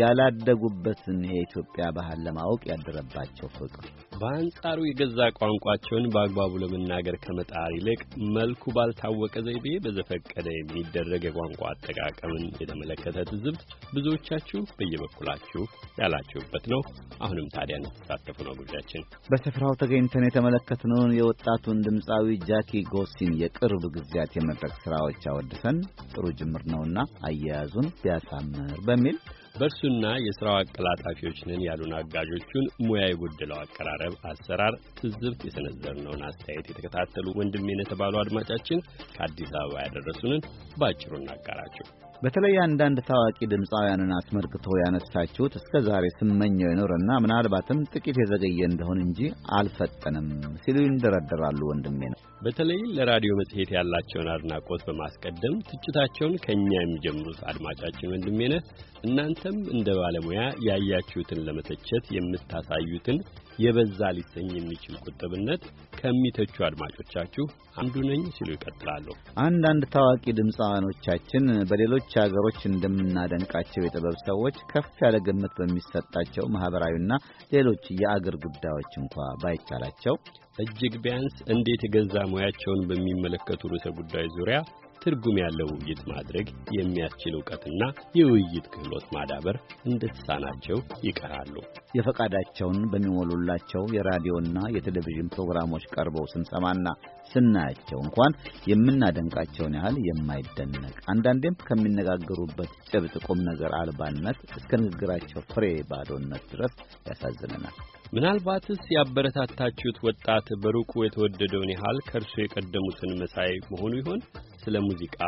ያላደጉበትን የኢትዮጵያ ባህል ለማወቅ ያደረባቸው ፍቅር በአንጻሩ የገዛ ቋንቋቸውን በአግባቡ ለመናገር ከመጣር ይልቅ መልኩ ባልታወቀ ዘይቤ በዘፈቀደ የሚደረግ የቋንቋ አጠቃቀምን የተመለከተ ትዝብት ብዙዎቻችሁ በየበኩላችሁ ያላችሁበት ነው። አሁንም ታዲያ እንድትሳተፉ ነው ጉዳያችን። በስፍራው ተገኝተን የተመለከትነውን የወጣቱን ድምፃዊ ጃኪ ጎሲን የቅርብ ጊዜያት የመድረክ ስራዎች አወድሰን ጥሩ ጅምር ነውና አያያዙን ቢያሳምር በሚል በእርሱና የሥራው አቀላጣፊዎች ነን ያሉን አጋዦቹን ሙያ የጎደለው አቀራረብ፣ አሰራር ትዝብት የሰነዘርነውን አስተያየት የተከታተሉ ወንድሜ የተባሉ አድማጫችን ከአዲስ አበባ ያደረሱንን በአጭሩ እናጋራቸው። በተለይ አንዳንድ ታዋቂ ድምፃውያንን አስመልክቶ ያነሳችሁት እስከ ዛሬ ስመኘው የኖረና ምናልባትም ጥቂት የዘገየ እንደሆን እንጂ አልፈጠንም ሲሉ ይንደረደራሉ። ወንድሜ ነው። በተለይ ለራዲዮ መጽሔት ያላቸውን አድናቆት በማስቀደም ትችታቸውን ከእኛ የሚጀምሩት አድማጫችን ወንድሜ ነህ እናንተም እንደ ባለሙያ ያያችሁትን ለመተቸት የምታሳዩትን የበዛ ሊሰኝ የሚችል ቁጥብነት ከሚተቹ አድማጮቻችሁ አንዱ ነኝ ሲሉ ይቀጥላሉ። አንዳንድ ታዋቂ ድምፃኖቻችን በሌሎች አገሮች እንደምናደንቃቸው የጥበብ ሰዎች ከፍ ያለ ግምት በሚሰጣቸው ማህበራዊና ሌሎች የአገር ጉዳዮች እንኳ ባይቻላቸው እጅግ ቢያንስ እንዴት የገዛ ሙያቸውን በሚመለከቱ ርዕሰ ጉዳዮች ዙሪያ ትርጉም ያለው ውይይት ማድረግ የሚያስችል እውቀትና የውይይት ክህሎት ማዳበር እንደተሳናቸው ይቀራሉ። የፈቃዳቸውን በሚሞሉላቸው የራዲዮና የቴሌቪዥን ፕሮግራሞች ቀርበው ስንሰማና ስናያቸው እንኳን የምናደንቃቸውን ያህል የማይደነቅ አንዳንዴም ከሚነጋገሩበት ጭብጥ ቁም ነገር አልባነት እስከ ንግግራቸው ፍሬ ባዶነት ድረስ ያሳዝነናል። ምናልባትስ ያበረታታችሁት ወጣት በሩቁ የተወደደውን ያህል ከእርሶ የቀደሙትን መሳይ መሆኑ ይሆን? ስለ ሙዚቃ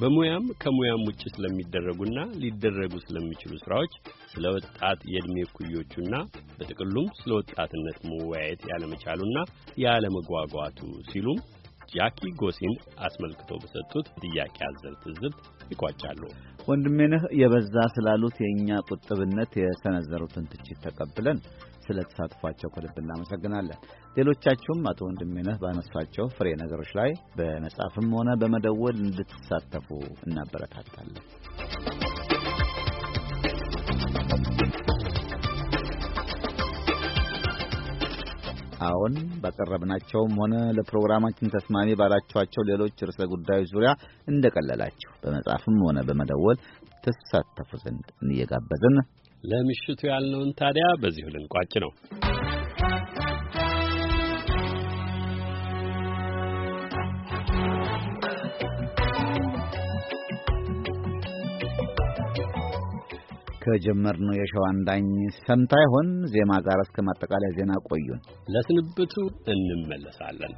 በሙያም ከሙያም ውጭ ስለሚደረጉና ሊደረጉ ስለሚችሉ ስራዎች፣ ስለ ወጣት የዕድሜ ኩዮቹና በጥቅሉም ስለ ወጣትነት መወያየት ያለመቻሉና ያለመጓጓቱ ሲሉም ጃኪ ጎሲን አስመልክቶ በሰጡት ጥያቄ አዘል ትዝብት ይቋጫሉ። ወንድሜ ነህ የበዛ ስላሉት የእኛ ቁጥብነት የሰነዘሩትን ትችት ተቀብለን ስለ ተሳትፏቸው ከልብ እናመሰግናለን። ሌሎቻችሁም አቶ ወንድሜነህ ባነሷቸው ፍሬ ነገሮች ላይ በመጻፍም ሆነ በመደወል እንድትሳተፉ እናበረታታለን። አሁን ባቀረብናቸውም ሆነ ለፕሮግራማችን ተስማሚ ባላችኋቸው ሌሎች ርዕሰ ጉዳዮች ዙሪያ እንደቀለላችሁ በመጻፍም ሆነ በመደወል ትሳተፉ ዘንድ እየጋበዝን ለምሽቱ ያልነውን ታዲያ በዚሁ ልንቋጭ ነው። ከጀመርነው የሸዋንዳኝ ሰምታ ይሆን ዜማ ጋር እስከ ማጠቃለያ ዜና ቆዩን። ለስንብቱ እንመለሳለን።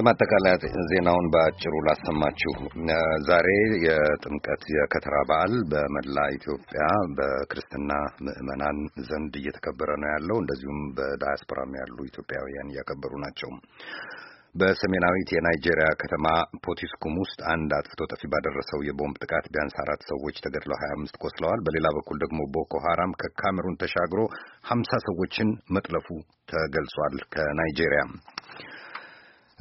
የማጠቃለያ ዜናውን በአጭሩ ላሰማችሁ። ዛሬ የጥምቀት የከተራ በዓል በመላ ኢትዮጵያ በክርስትና ምዕመናን ዘንድ እየተከበረ ነው ያለው። እንደዚሁም በዳያስፖራም ያሉ ኢትዮጵያውያን እያከበሩ ናቸው። በሰሜናዊት የናይጄሪያ ከተማ ፖቲስኩም ውስጥ አንድ አጥፍቶ ጠፊ ባደረሰው የቦምብ ጥቃት ቢያንስ አራት ሰዎች ተገድለው ሀያ አምስት ቆስለዋል። በሌላ በኩል ደግሞ ቦኮ ሀራም ከካሜሩን ተሻግሮ ሀምሳ ሰዎችን መጥለፉ ተገልጿል። ከናይጄሪያ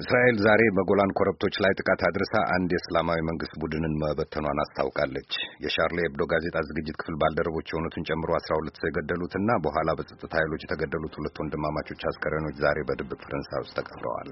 እስራኤል ዛሬ በጎላን ኮረብቶች ላይ ጥቃት አድርሳ አንድ የእስላማዊ መንግስት ቡድንን መበተኗን አስታውቃለች። የሻርሌ ኤብዶ ጋዜጣ ዝግጅት ክፍል ባልደረቦች የሆኑትን ጨምሮ አስራ ሁለት ሰው የገደሉትና በኋላ በጸጥታ ኃይሎች የተገደሉት ሁለት ወንድማማቾች አስከሬኖች ዛሬ በድብቅ ፈረንሳይ ውስጥ ተቀብረዋል።